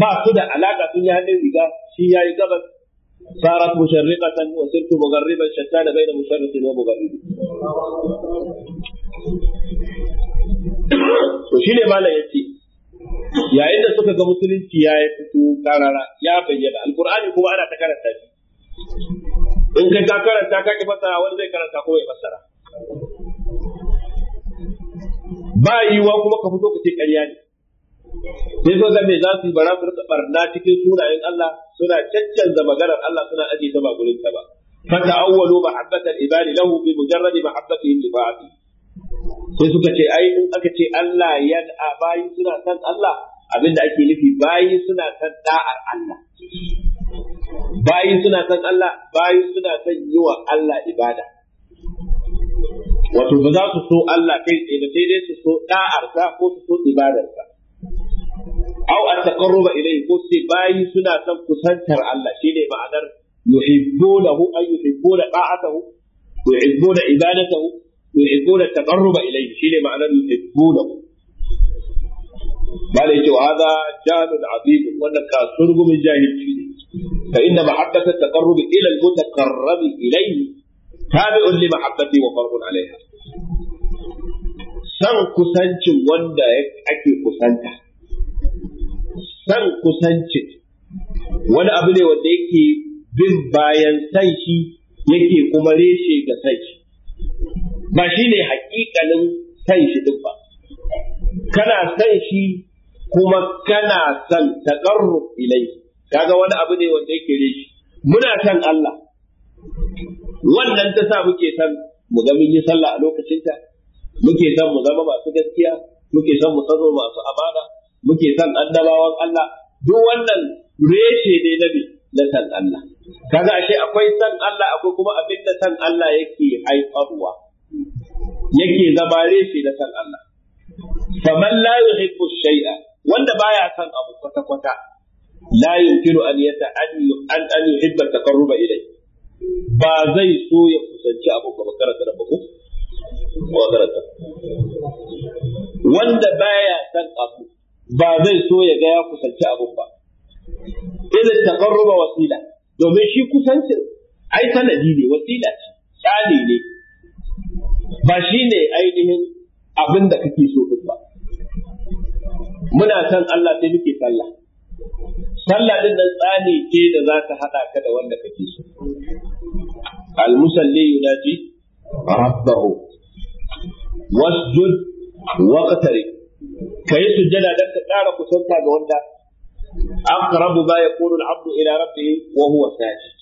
ba su da alaka sun yi hannun riga shi ya yi gabas sarat musharriqatan wa sirtu mugarriban shatta da baina musharriqin wa mugarribi to shine malam yace yayin da suka ga musulunci ya yi fito karara ya bayyana alkur'ani kuma ana ta karanta shi in kai ka karanta ka ki fassara wani zai karanta ko ya fassara ba yiwuwa kuma ka fito ka ce ƙarya ne sai so zame za su yi bara su rika barna cikin sunayen Allah suna caccanza maganar Allah suna ajiye ta ba gurin ta ba fata awwalu mahabbatal ibadi lahu bi mujarradi mahabbatihim li ba'di sai suka ce ai in aka ce Allah ya a bayi suna san Allah abinda ake nufi bayi suna san da'ar Allah bayi suna san Allah bayi suna san yi wa Allah ibada wato ba za su so Allah kai tsaye ba sai dai su so da'arsa ko su so ibadarsa au a taqarruba ilayhi ko sai bayi suna son kusantar Allah shine ma'anar an da da hu, yuhibbunahu ay yuhibbuna da'atahu yuhibbuna ibadatahu yuhibbuna taqarruba ilayhi shine ma'anar da hu. yuhibbunahu bale ce hada jahlun azim wannan kasurgumin jahilci ne fa inna mahabbata taqarrubi ilai al-mutaqarrab ilayhi tabi'un li mahabbati wa farqun san kusancin wanda ake kusanta san kusancin wani abu ne wanda yake bin bayan san shi yake kuma reshe ga san shi ba shi ne hakikalin san shi duk ba kana san shi kuma kana san taƙarruf ilai kaga wani abu ne wanda yake reshe muna san Allah wannan ta sa muke san mu ga mun yi sallah a lokacinta muke san mu zama masu gaskiya muke san mu zama masu amana muke san annabawan Allah duk wannan reshe ne na bi na san Allah kaga ashe akwai san Allah akwai kuma abin da san Allah yake haifarwa yake zama reshe na san Allah faman la yuhibbu shay'a wanda baya san abu kwata kwata la yumkinu an yata an an yuhibba takarruba ilayhi ba zai so ya kusanci abu ba karanta da bako ko karanta wanda baya san abu ba zai so ya ga ya kusanci abu ba ila taqarruba wasila domin shi kusancin ai sanadi ne wasila ce tsali ne ba shi ne ainihin abin da kake so din ba muna san Allah sai muke sallah sallah din nan tsani ce da za ta hada ka da wanda kake so المسلي يناجي ربه واسجد واقترب كي سجد لك تعالى كسنتا جوندا أقرب ما يكون العبد إلى ربه وهو ساجد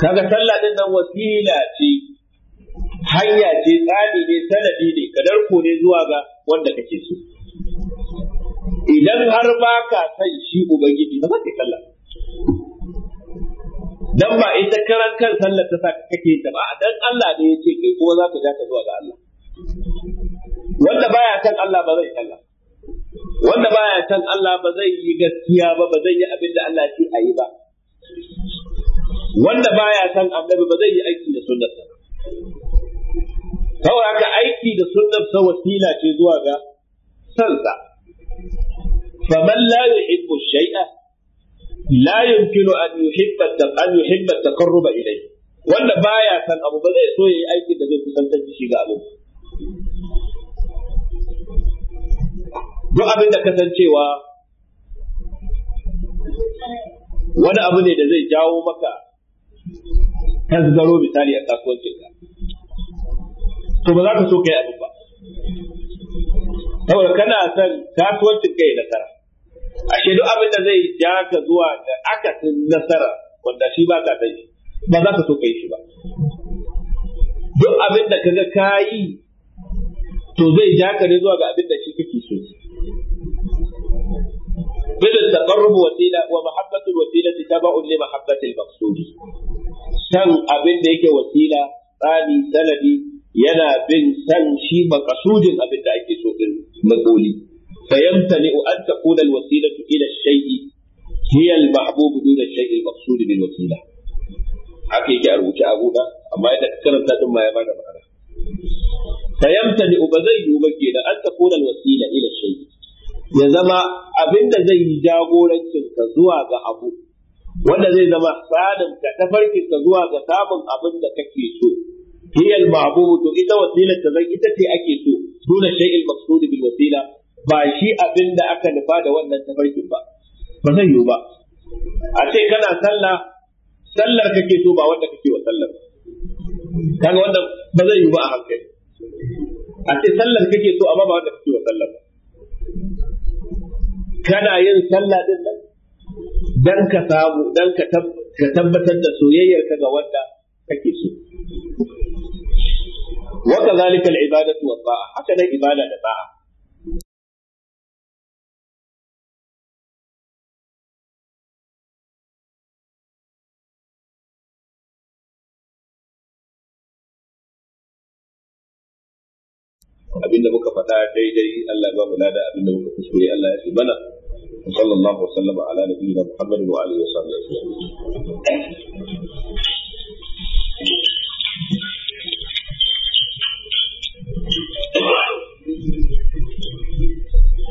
kaga sallah din nan wasila ce hanya ce tsani ne sanadi ne kadarko ne zuwa ga wanda kake so idan har ba ka san shi ubangiji ba ka sallah dan ba ita karan kan sallar ta saka kake ta ba dan Allah ne yake kai kuma za ka ja ka zuwa ga Allah wanda baya kan Allah ba zai sallah wanda baya kan Allah ba zai yi gaskiya ba ba zai yi abin da Allah ce a yi ba wanda baya kan annabi ba zai yi aiki da sunnar ba kawai haka aiki da sunnar sa wasila ce zuwa ga sansa faman la yuhibbu shay'a la yumkinu an yuhibba an yuhibba taqarruba ilayhi wanda baya san abu ba zai so yayi aikin da zai kusantar shi ga abu duk abin da kasancewa wani abu ne da zai jawo maka tasgaro misali a kasuwancinka to ba za ka so ka yi abu ba saboda kana son kasuwancin kai nasara ashe duk abin da zai ja ka zuwa ga akasin nasara wanda shi ba ka san ba za ka so ka yi shi ba duk abin da kaga kayi to zai ja ka ne zuwa ga abin da shi kake so bil taqarrub wasila wa mahabbatul wasila tabu'un li mahabbatil maqsudi san abin da yake wasila tsani sanadi yana bin san shi makasudin abin da ake so din matsoli فيمتنع أن تكون الوسيلة إلى الشيء هي المحبوب دون الشيء المقصود بالوسيلة أكي yake a أما a buɗa amma yadda ka karanta din ma ya bada ma'ana fayamtani ba zai yiwu ba kenan an ta kona wanda zai zama tsarin ka tafarkin ka zuwa ga samun abin da kake so hiyal mabudu ita wasilar ta zai ita ce ake so dole shay'il maqsud bil wasila ba shi abin da aka nufa da wannan tafarkin ba ba zai yiwu ba a ce kana sallah sallar kake so ba wanda kake wa sallar kaga wannan ba zai yiwu ba a hankali a ce sallar kake so amma ba wanda kake wa sallar kana yin sallah din nan dan ka samu dan ka tabbatar da soyayyar ka ga wanda kake so wa kadhalika al-ibadatu wa ta'a haka dai ibada da ta'a abinda muka faɗa daidai Allah ya ba mu lada abinda muka kuskure Allah ya fi mana sallallahu alaihi وسلم على نبينا محمد وعلى اله وصحبه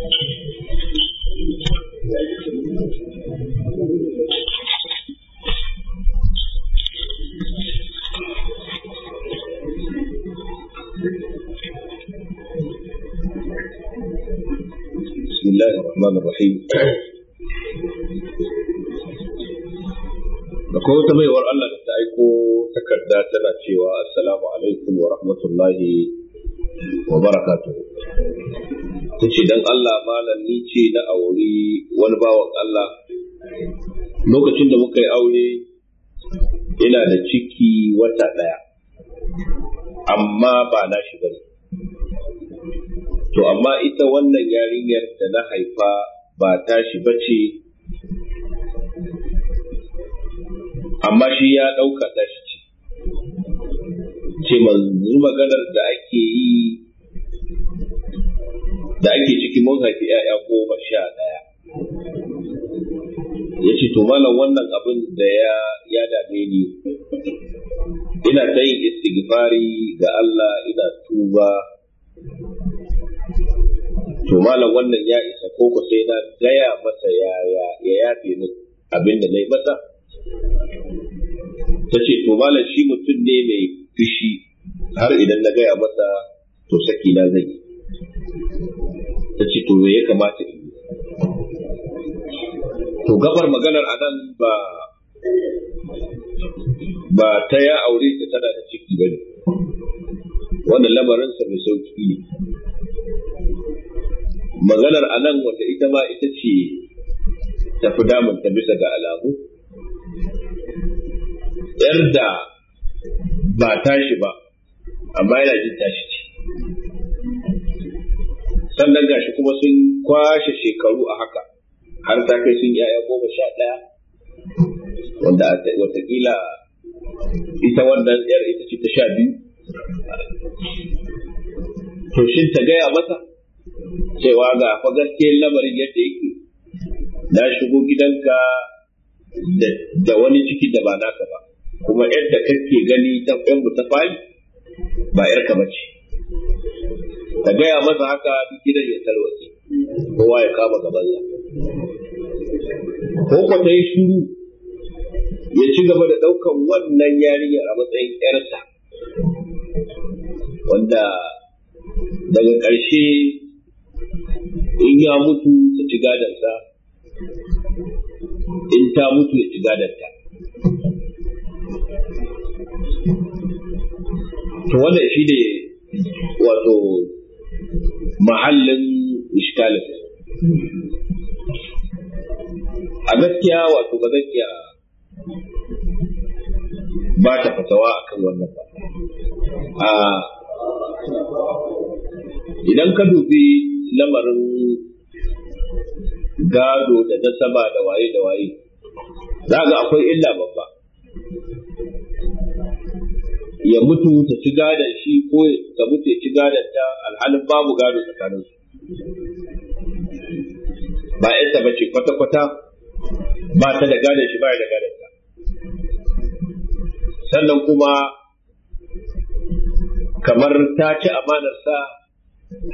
اجمعين الله الرحمن الرحيم da kuma wata baiwar Allah da ta aiko takarda tana cewa assalamu alaikum wa rahmatullahi wa barakatu ta ce don Allah malam ni ce na auri wani bawan Allah lokacin da muka yi aure ina da ciki wata ɗaya amma ba na shi bane to amma ita wannan yarinyar da na haifa ba tashi ba ce amma shi ya ɗauka tashi ce ce manzu maganar da ake yi da ake ciki mun haifi 'ya'ya goma sha ɗaya ya ce to malam wannan abin da ya dame ni ina ta yin istighfari ga Allah ina tuba to malam wannan ya isa ko ko sai na gaya masa ya ya yafe min abin da na masa ta to malam shi mutum ne mai fushi har idan na gaya masa to saki na zai ta to me ya kamata to gabar maganar anan ba ba ta ya aure ta tana da ciki ba ne lamarin sa mai sauki ne maganar a nan wanda ita ma ita ce ta fi damun ta bisa ga alamu yar da ba tashi ba amma yana jin tashi ce sannan gashi kuma sun kwashe shekaru a haka har ta kai sun yaya goma sha ɗaya wanda watakila ita wannan yar ita ce ta sha biyu to shin ta gaya masa cewa ga fa gaskiyar lamarin yadda yake na shigo gidanka da wani ciki da ba naka ba kuma yadda kake gani ta mu ta fari ba yar ba ka gaya masa haka duk gidan ya tarwace kowa ya kama gabansa ko ko ta yi shuru ya ci gaba da ɗaukan wannan yarinyar a matsayin yarsa wanda daga ƙarshe in ya mutu ta ci gadansa in ta mutu ya ci gadanta to wannan shi ne wato mahallin iskalin a gaskiya wato ba zan ba ta fatawa a kan wannan ba idan ka dubi lamarin gado da nasaba da waye da waye za ga akwai illa babba ya mutu ta ci gadon shi ko ta mutu ya ci gadon ta alhalin babu gado tsakanin su ba yarsa ba ce kwata-kwata ba ta da gadon shi ba ya da gadon ta sannan kuma kamar ta ci amanar sa.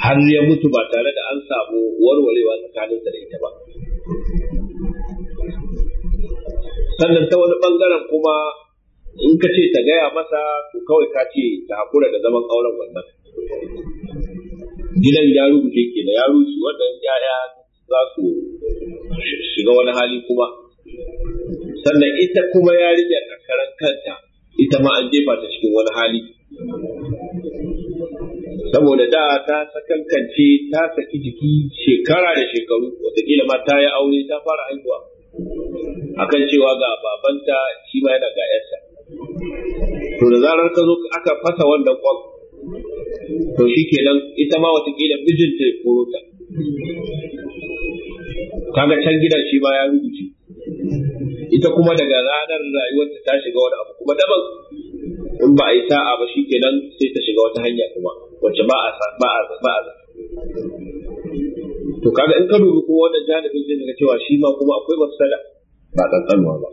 har ya mutu ba tare da an samu warwarewa tsakaninsa da ita ba sannan ta wani bangaren kuma in ka ce ta gaya masa to kawai ka ce ta haƙura da zaman auren wannan gidan yaro da ke da yaro su wannan yaya za su shiga wani hali kuma sannan ita kuma yarinyar a karan kanta ita ma an jefa ta cikin wani hali saboda da ta sakankance ta saki jiki shekara da shekaru watakila ma ta yi aure ta fara haihuwa akan cewa ga babanta shi ma yana ga yarsa to da zarar ka zo aka fasa wannan kwan to shi kenan ita ma watakila mijinta ya koro ta kaga can gidan shi ma ya rubuce ita kuma daga ranar rayuwarta ta shiga wani abu kuma daban in ba a yi sa'a ba shi kenan sai ta shiga wata hanya kuma wacce ba a ba a ba a to kaga in ka dubi ko wannan janibin zai ga cewa shi ma kuma akwai mafsala ba kankanuwa ba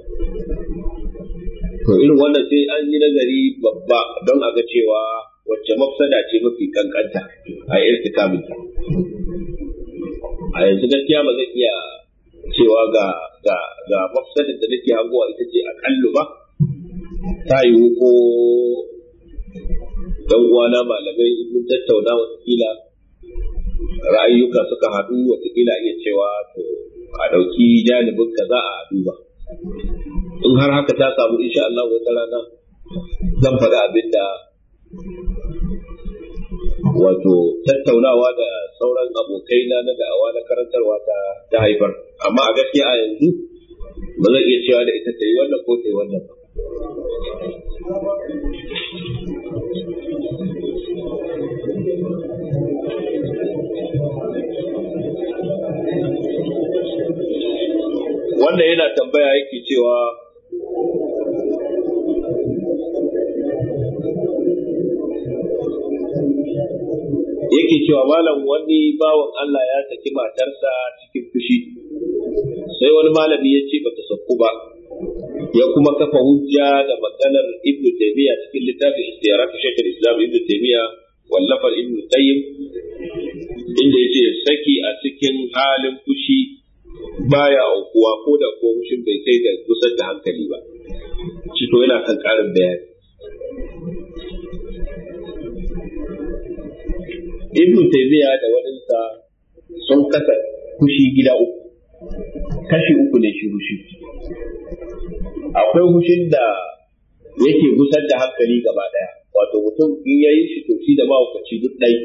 to irin wannan sai an yi nazari babba don a ga cewa wacce mafsada ce mafi kankanta a ta a yanzu gaskiya ba zai iya cewa ga ga ga mafsadar da nake hangowa ita ce akallu ba ta yiwu ko dan uwana malamai mun tattauna watakila ra'ayyuka suka haɗu watakila iya cewa to a ɗauki janibin za a duba in har haka ta samu insha Allah wata rana zan faɗi abin da wato tattaunawa da sauran abokai na na da'awa na karantarwa ta ta haifar amma a gaskiya a yanzu ba zan iya cewa da ita ta yi wannan ko ta yi wannan ba wannan yana tambaya yake cewa yake cewa malam wani bawan Allah ya saki matarsa cikin fushi sai wani malami ya ce bata sauku ba ya kuma kafa hujja da maganar ibnu taymiya cikin littafin istiyarat shaykhul islam ibnu taymiya wallafar ibnu qayyim inda yace saki a cikin halin fushi baya aukuwa ko da ko mushin bai kai da kusan da hankali ba shi to yana kan karin bayani ibn taymiya da wadansa sun kasa kushi gida uku kashi uku ne shi rushe. akwai hushin da yake gusar da hankali gaba daya wato mutum in ya yi shi to shi da mahaukaci duk ɗai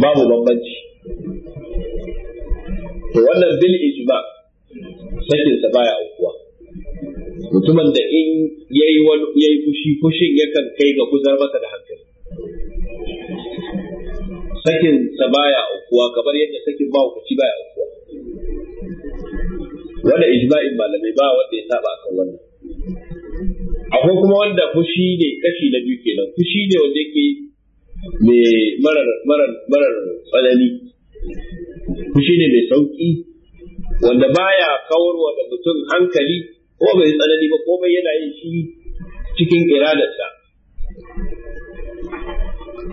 babu bambanci to wannan bil ijma sakin sa baya aukuwa mutumin da in yayi wani yayi fushi fushin yakan kai ga guzar masa da hankali sakin sa baya aukuwa kamar yadda sakin ba hukunci baya aukuwa wanda ijma'in malamai ba wanda ya saba akan wannan akwai kuma wanda fushi ne kashi na biyu kenan fushi ne wanda yake mai marar marar marar tsanani fushi ne mai sauki wanda baya kawarwa da mutum hankali ko bai tsanani ba mai yana yin shi cikin iradarsa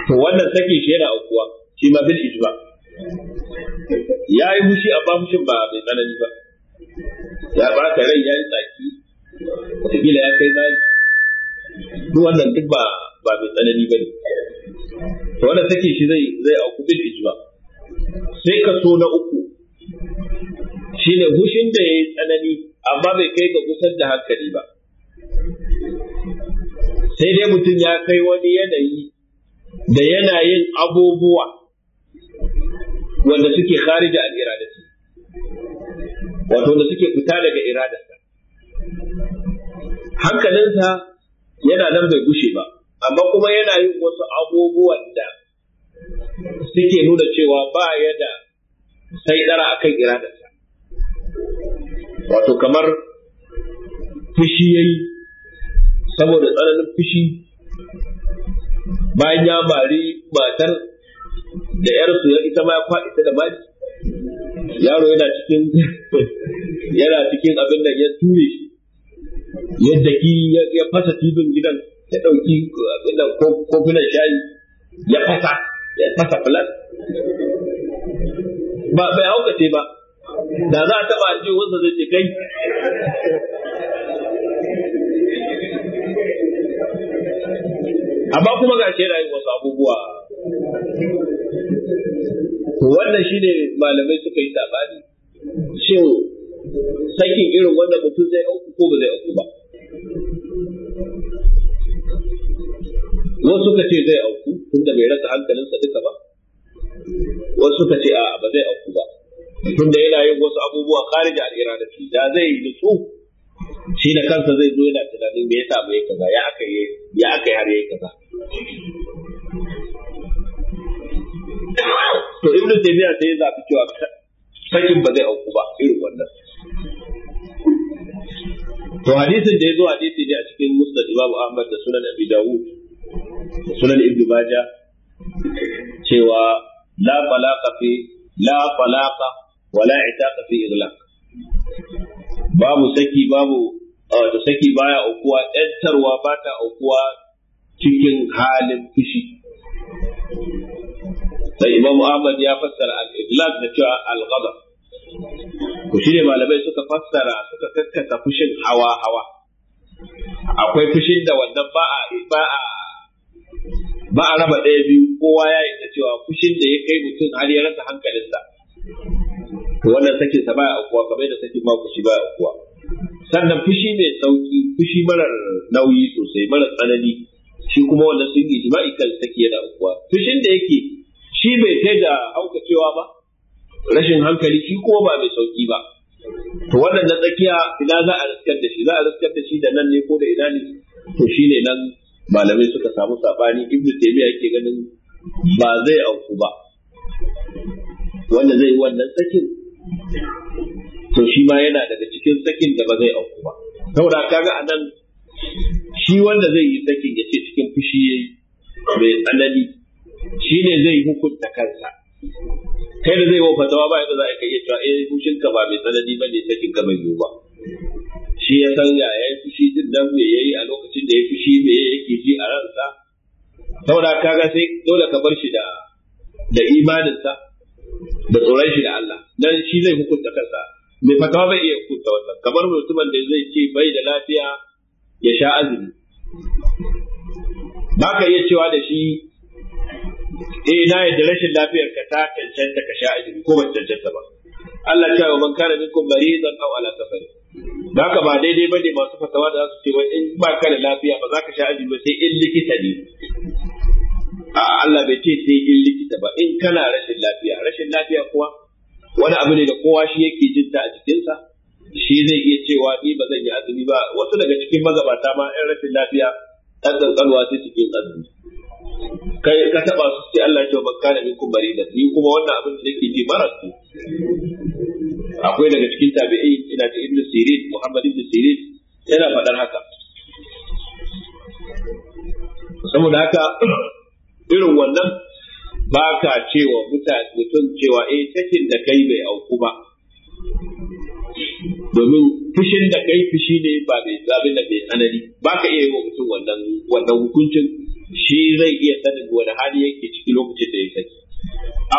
to wannan sakin shi yana aukuwa shi ma bil ijma ya yi mushi a bamshin ba mai tsanani ba ya ba rai ya yi tsaki wataƙila ya kai zai duk wannan duk ba ba mai tsanani ba ne to wannan sakin shi zai auku bil ijma sai ka so na uku shi ne hushin da ya yi tsanani amma bai kai ga kusan da hankali ba sai dai mutum ya kai wani yanayi da yana yin abubuwa wanda suke kari da iradati wato da suke fita daga iradarsa hankalinsa yana nan bai gushe ba amma kuma yana yin wasu abubuwan da suke nuna cewa ba ya da sai dara akan iradarsa wato kamar fushi yayi saboda tsananin fushi bayan ya mari matar da yarsu ya ita ma ya faɗi ta da mari yaro yana cikin yana cikin abin da ya ture shi yadda ki ya fasa tibin gidan ya ɗauki abin da kofunan shayi ya fasa ya masa plan ba bai haukace ba da za a taba ji wanda zai ce kai amma kuma ga shi rayu wasu abubuwa wannan shi ne malamai suka yi labari shin sakin irin wanda mutum zai auku ko ba zai auku ba wasu suka ce zai auku tunda bai rasa hankalinsa duka ba wasu suka ce a'a ba zai auku ba tunda yana yin wasu abubuwa kharija al-iradati da zai yi nutsu shi da kansa zai zo yana tunanin me yasa bai kaza ya aka yi ya aka yi har yayi kaza to ibn taymiya sai ya zafi cewa sakin ba zai auku ba irin wannan to hadisin da ya zo hadisi ne a cikin musnad imamu ahmad da sunan abi dawud sunan ibn baja cewa la talaqa fi la talaqa wala itaqa fi iglaq babu saki babu uh, da saki baya aukuwa yantarwa ba ta aukuwa cikin halin fushi sai imamu ahmad ya fassara al-iglaq da cewa al-ghadab shi ne malamai suka fassara suka kakkata fushin hawa hawa akwai fushin da wannan ba a ba a ba a raba ɗaya biyu kowa ya ta cewa fushin da ya kai mutum har ya rasa hankalinsa wannan sakin sa baya akuwa kamar da sakin shi baya akuwa sannan fushi mai sauki fushi marar nauyi sosai marar tsanani shi kuma wannan sun yi jima'i kan saki yana ukuwa fushin da yake shi bai kai da haukacewa ba rashin hankali shi kuma ba mai sauki ba to wannan na tsakiya ina za a riskar da shi za a riskar da shi da nan ne ko da ina ne to shine nan malamai suka samu sabani ibnu taymiya yake ganin ba zai auku ba wanda zai yi wannan sakin to shi ma yana daga cikin sakin da ba zai auku ba saboda kaga anan shi wanda zai yi sakin ya ce cikin fushi yayi mai tsanani shi ne zai hukunta kansa kai da zai wofa fatawa ba yadda za a iya cewa eh fushinka ba mai tsanani ba ne sakin ka bai yiwu ba shi ya san ya yi fushi din nan me yayi a lokacin da ya fushi me yake ji a ransa saboda ga sai dole ka bar shi da da imaninsa da tsoron shi da Allah dan shi zai hukunta kansa mai fatawa bai iya hukunta wannan kamar mutumin da zai ce bai da lafiya ya sha azumi ba ka iya cewa da shi eh na yadda rashin lafiyar ka ta cancanta ka sha azumi ko ban cancanta ba Allah ya ce wa man kana minkum maridan aw ala safar da ba daidai bane masu fatawa da za su ce wai in ba ka da lafiya ba za ka sha aji ba sai in likita ne a Allah bai ce sai in likita ba in kana rashin lafiya rashin lafiya kuwa wani abu ne da kowa shi yake jin ta a jikinsa shi zai iya cewa ni ba zan yi azumi ba wasu daga cikin magabata ma in rashin lafiya ɗan ƙanƙanwa sai su azumi kai ka taɓa su sai Allah ya ce ban kana minkum maridan ni kuma wannan abin da nake ji mara su akwai daga cikin tabi'i ina ta ibnu sirin muhammad ibnu sirin yana faɗar haka saboda haka irin wannan ba ka cewa mutum cewa eh sakin da kai bai auku ba domin fushin da kai fushi ne ba mai zabi da mai tsanani ba ka iya yi wa mutum wannan wannan hukuncin shi zai iya sanin wani hali yake ciki lokacin da ya saki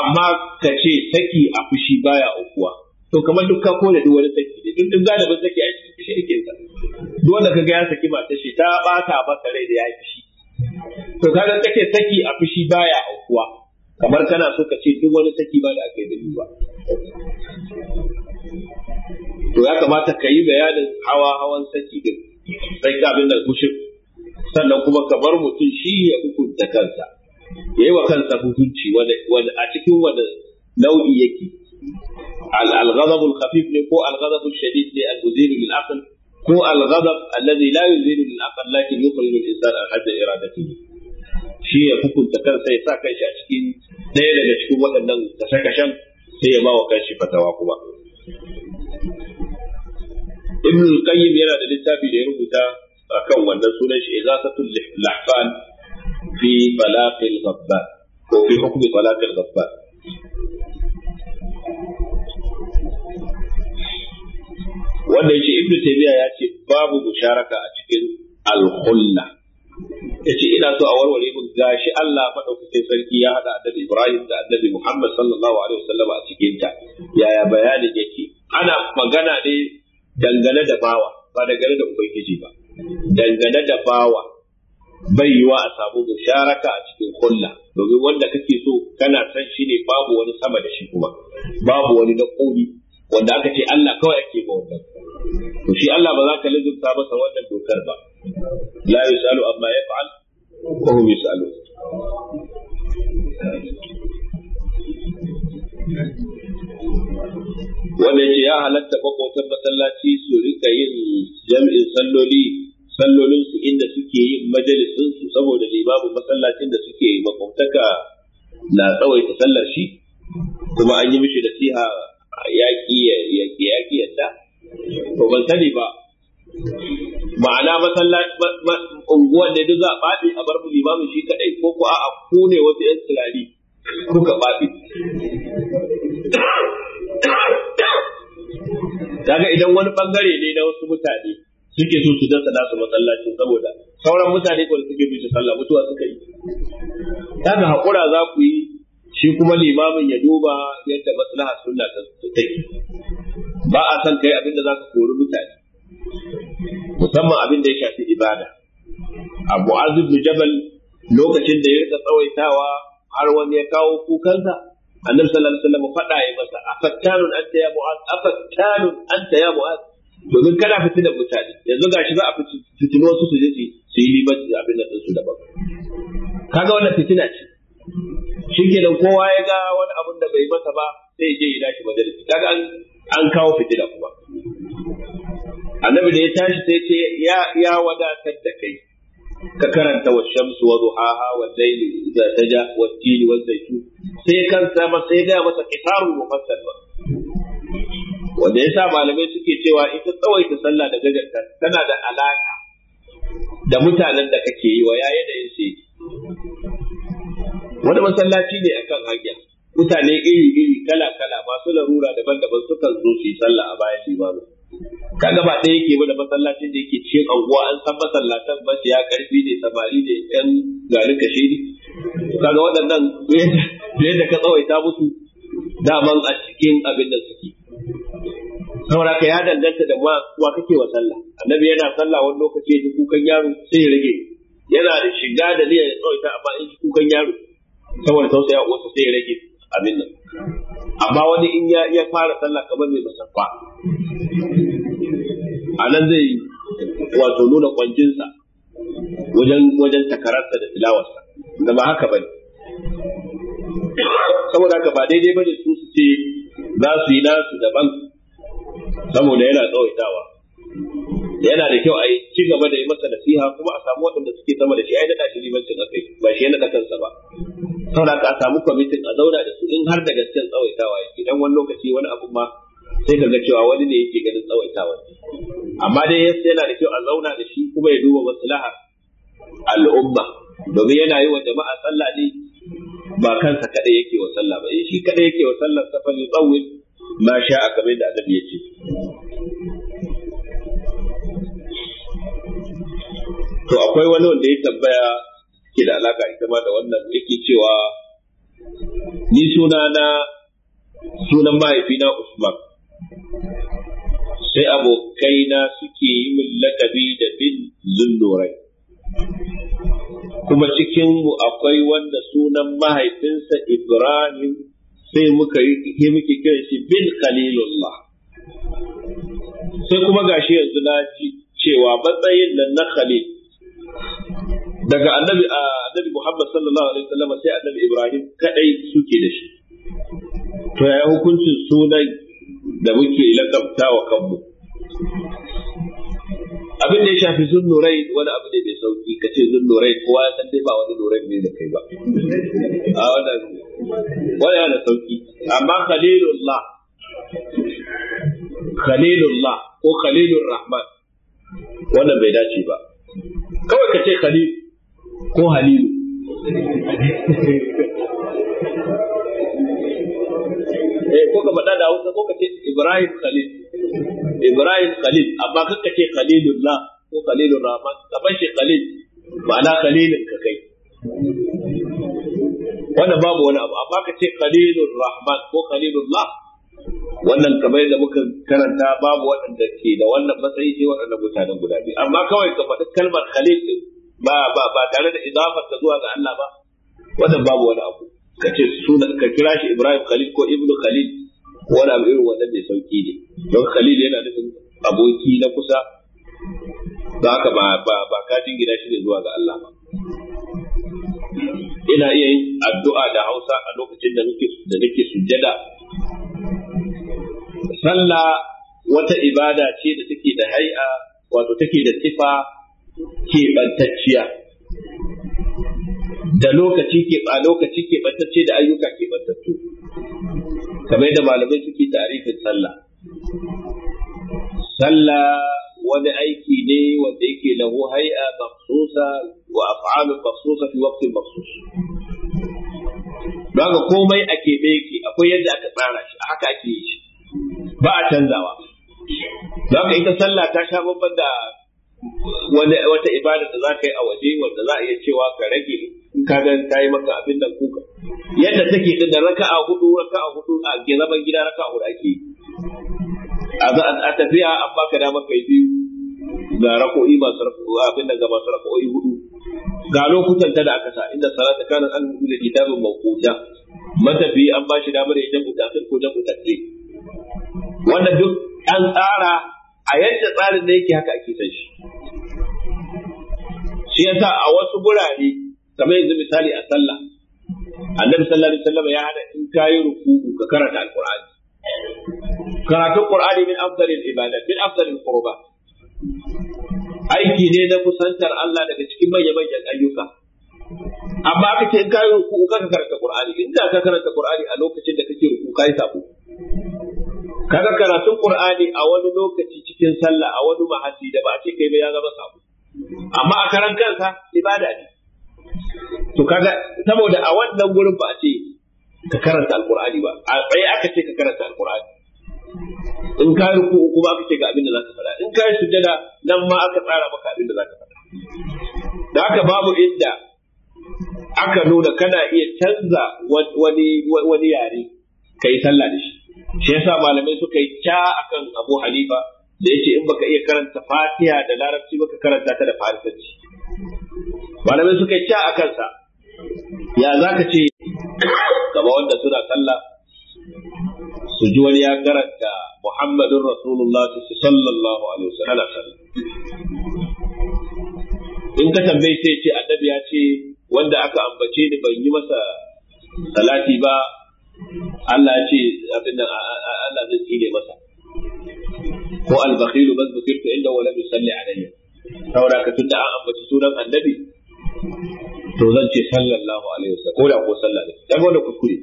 amma ka ce saki a fushi baya aukuwa to kamar duk ka kore duk wani saki ne duk galibin saki a cikin fushi yake sa dole ka ga ya saki mata shi ta bata masa rai da ya fushi to kaga take saki a fushi baya aukuwa kamar kana so ka ce duk wani saki ba da aka yi da ba to ya kamata ka yi bayanin hawa hawan saki din sai ka abin da kushin sannan kuma ka bar mutum shi ya hukunta kansa ya yi wa kansa hukunci wani a cikin wani nau'i yake الغضب الخفيف ko الغضب الشديد المزيل للعقل هو الغضب الذي لا يزيل للعقل لكن يخرج الانسان حد ارادته shi ya hukunta kansa sai sa a cikin ɗaya daga cikin waɗannan kashe-kashen sai ya bawa kanshi fatawa kuma ibn qayyim yana da littafi da ya rubuta akan wannan sunan shi igasatul lahfan fi talaqil ko fi hukmi talaqil ghabban wanda yace ibn taymiya ya ce babu musharaka a cikin al hulla yace ina so a warware mun gashi Allah madaukakin sarki ya hada annabi Ibrahim da annabi Muhammad sallallahu alaihi wasallam a cikin ta yaya bayanin yake ana magana ne dangane da bawa ba dangane da ubangiji ba dangane da bawa bai yiwa a samu musharaka a cikin kulla domin wanda kake so kana san shi ne babu wani sama da shi kuma babu wani na wanda aka ce Allah kawai ake ba wannan to shi Allah ba za ka lazumta masa wannan dokar ba la yusalu amma yaf'al wa hum yusalu wanda ce ya halatta makotan masallaci su rika yin jami'in salloli sallolin su inda suke yin majalisin su saboda limamin masallacin da suke makotaka na tsawaita sallar shi kuma an yi mishi nasiha yaƙi yaƙi yadda to ban sani ba ma'ana unguwar ne duk za a ɓaɗi a bar limamin shi kaɗai ko ko a'a ku ne wasu 'yan tsirari kuka ɓaɗi kaga idan wani ɓangare ne na wasu mutane suke so su dasa nasu masallacin saboda sauran mutane ko suke bi su sallah mutuwa suka yi kaga hakura za ku yi shi kuma limamin ya duba yadda maslaha sunna ta take ba a san kai abinda za ka kori mutane musamman abin da ya shafi ibada abu azib bin jabal lokacin da ya rika tsawaitawa har wani ya kawo kukansa annabi sallallahu alaihi wasallam faɗa ya masa afattanun anta ya mu'az afattanun anta ya mu'az domin kana fitinan mutane yanzu gashi za a fitino wasu su je su yi limanci abin da su da ba kaga wannan fitina ce da kowa ya ga wani abun da bai masa ba sai je ya dashi majalisi kaga an an kawo fitila kuma annabi da ya tashi sai ce ya ya wadatar da kai ka karanta wa shamsu wa duhaha wa layli idza taja wa tini wa zaitu sai kan ba sai ga masa kitabun mufassal ba wanda yasa malamai suke cewa ita tsawaita sallah da gajarta tana da alaka da mutanen da kake yi wa ya yanayin su wani masallaci ne akan hanya mutane iri iri kala kala masu larura daban-daban sukan zo su yi sallah a bayan limamu kaga ba ɗaya yake wani masallacin da yake cikin anguwa an san masallacin ba ya karfi ne samari ne yan gari kashe ne kaga waɗannan da ka tsawaita musu daman a cikin abin da suke saboda ka ya danganta da kuma kake wa sallah annabi yana sallah wani lokaci ya ji kukan yaro sai ya rage yana da shiga da niyyar ya tsawaita amma in ji kukan yaro saboda tausaya wata sai ya rage abin nan amma wani in ya iya fara sallah kamar mai masaffa a nan zai wato nuna sa wajen wajen takararsa da tilawarsa da ba haka bane saboda haka ba daidai bane su su ce za su yi nasu daban saboda yana tsawaitawa yana da kyau a yi ci gaba da yi masa nasiha kuma a samu waɗanda suke sama da shi ai da shi limancin akai ba shi yana da kansa ba saboda ka samu kwamitin a zauna da su in har da gaskiyar tsawaitawa yake dan wani lokaci wani abu ma sai ka ga cewa wani ne yake ganin tsawaitawa amma dai yana da kyau a zauna da shi kuma ya duba maslahar al'umma domin yana yi wa jama'a sallah ne ba kansa kada yake wa sallah ba eh, shi kada yake wa sallah ta tsawin ma sha a kamar da annabi yake to akwai wani wanda ya tambaya ke da alaka ita ma da wannan yake cewa ni suna na sunan mahaifina Usman sai abokai na suke yi min lakabi da bin zullurai kuma cikinmu akwai wanda sunan mahaifinsa Ibrahim sai muka yi muke kiran shi bin Khalilullah sai kuma gashi yanzu na ci cewa matsayin nan na Khalil daga annabi annabi Muhammad sallallahu alaihi wasallam sai annabi Ibrahim kadai suke da shi to yaya hukuncin sunan da muke lakabta wa kanmu abin da ya shafi zunnurai wani abu ne mai sauki ka ce zunnurai kowa ya san dai ba wani nurai ne da kai ba a wannan wani yana sauki amma khalilullah khalilullah ko khalilur rahman wannan bai dace ba kawai ka ce khalil ko halilu eh ko ka faɗa da Hausa ko ka ce Ibrahim Khalil Ibrahim Khalil amma kan ka ce Khalilullah ko Khalilur Rahman ka bar shi Khalil ma'ana Khalilin ka kai wannan babu wani abu amma ka ce Khalilur Rahman ko Khalilullah wannan kamar da muka karanta babu waɗanda ke da wannan matsayi sai wannan mutanen guda biyu amma kawai ka faɗi kalmar Khalil din ba ba ba tare da idafar ta zuwa ga Allah ba wannan babu wani abu ka ce sunan ka kira shi Ibrahim Khalil ko Ibnu Khalil wani abu irin wannan mai sauki ne don Khalil yana nufin aboki na kusa ba ka ba ba ba ka shi ne zuwa ga Allah ba ina iya yin addu'a da Hausa a lokacin da nake da nake sujjada sallah wata ibada ce da take da hai'a wato take da sifa keɓantacciya da lokaci lokaci keɓantacce da ayyuka keɓantattu kamar da malamai suke tarifin sallah sallah wani aiki ne wanda yake lahu hai'a maksusa wa af'alun maksusa fi waqtin maksus don haka komai a keɓe yake akwai yadda aka tsara shi haka ake yi shi ba a canzawa don haka ita sallah ta sha babban da wata ibada da za ka yi a waje wanda za a iya cewa ka rage in ka ga ta yi maka abin da kuka yadda take din da a hudu a hudu a zaman gida a hudu ake a a tafiya an baka dama kai biyu ga rako'i masu abin da ga masu rako'i hudu ga lokutan ta da aka sa inda salata kanan an hudu da kitabin mafuta matafi an ba shi damar da ya jabuta ko jabuta wannan duk an tsara a yadda tsarin da yake haka ake san shi shi yasa a wasu gurare kamar yanzu misali a sallah annabi sallallahu alaihi wasallam ya hada in kayi ruku'u ka karanta alqur'ani karatun alqur'ani min afdalil ibadat min afdalil qurbat aiki ne na kusantar Allah daga cikin manyan ayyuka amma aka ce in kayi ruku'u ka karanta alqur'ani in ka karanta alqur'ani a lokacin da kake ruku'u kai sabo kaga karatun qur'ani a wani lokaci cikin sallah a wani mahalli da ba a ce kai ba ya zama sabo amma a karan kansa ibada ne to kaga saboda a wannan gurin ba a ce ka karanta alqur'ani ba a tsaye aka ce ka karanta alqur'ani in ka ruku kuma aka ce ga abin da zaka faɗa in ka yi sujada nan ma aka tsara maka abin da zaka faɗa da haka babu inda aka nuna kana iya canza wani wani yare kai sallah da shi shi yasa malamai suka yi ta akan Abu Halifa da yace in baka iya karanta Fatiha da Larabci baka karanta ta da Farisanci malamai suka yi ta akan sa ya zaka ce gaba wanda suna sallah su ji wani ya karanta Muhammadun Rasulullah sallallahu alaihi wasallam in ka tambaye sai ce annabi ya ce wanda aka ambace ni ban yi masa salati ba Allah ya ce abin nan Allah zai tsile masa ko al-bakhilu bas bukirtu inda wala Salli alayhi saboda ka tunda an ambaci sunan annabi to zan ce sallallahu alaihi wasallam ko da ko alaihi wasallam dan wannan kuskure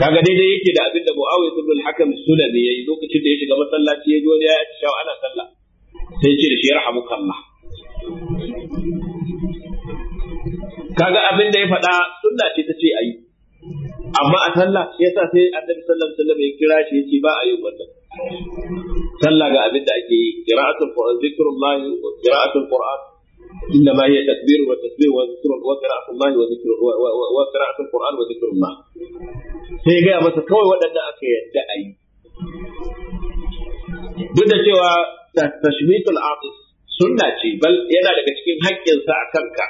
kaga daidai yake da abin da Muawiya ibn al-Hakam sunan yayi lokacin da ya shiga masallaci ya ji wani ya ci shawa ana sallah sai ce da shi yarhamuka Allah kaga abin da ya faɗa sunna ce ta ce ayi amma a sallah ya yasa sai annabi sallallahu alaihi wasallam ya kira shi yace ba a yi wannan sallah ga abin da ake yi qira'atul qur'an zikrullah wa qira'atul qur'an inna ma hiya takbir wa tasbih wa zikr wa qur'an wa zikr wa qira'atul qur'an wa zikrullah sai ga masa kawai waɗanda aka yadda a yi duk da cewa tashmitul atis sunna ce bal yana daga cikin haƙƙinsa a kanka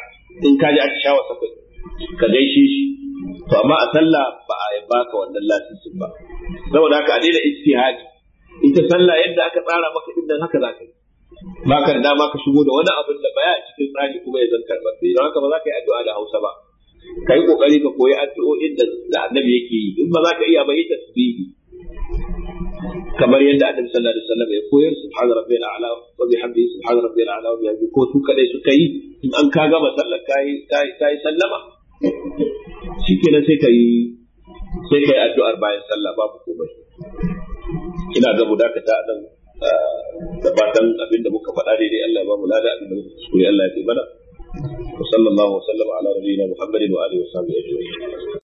in ka ji aka shawa kai, ka gaishe shi to amma a sallah ba a baka wannan lasisin ba saboda haka a daina ijtihadi ita sallah yadda aka tsara maka din haka zaka yi ba ka da dama ka shigo da wani abin da baya cikin tsari kuma ya zan karɓa sai don haka ba za ka yi addu'a da Hausa ba ka yi kokari ka koyi addu'o'in da annabi yake yi in ba za ka iya ba yi tasbihi kamar yadda annabi sallallahu alaihi wasallam ya koyar subhana rabbiyal a'la wa bihamdihi subhana rabbiyal a'la wa bihamdihi ko su kadai su yi in an ka gama sallar kai kai sallama shi kenan sai ka yi sai ka yi addu'ar bayan sallah babu komai ina ga mu dakata a nan da fatan abinda muka faɗa ne Allah ya ba mu lada abinda muka kuskure Allah ya taimaka wa sallallahu wa sallama ala nabiyina Muhammadin wa alihi wa sahbihi ajma'in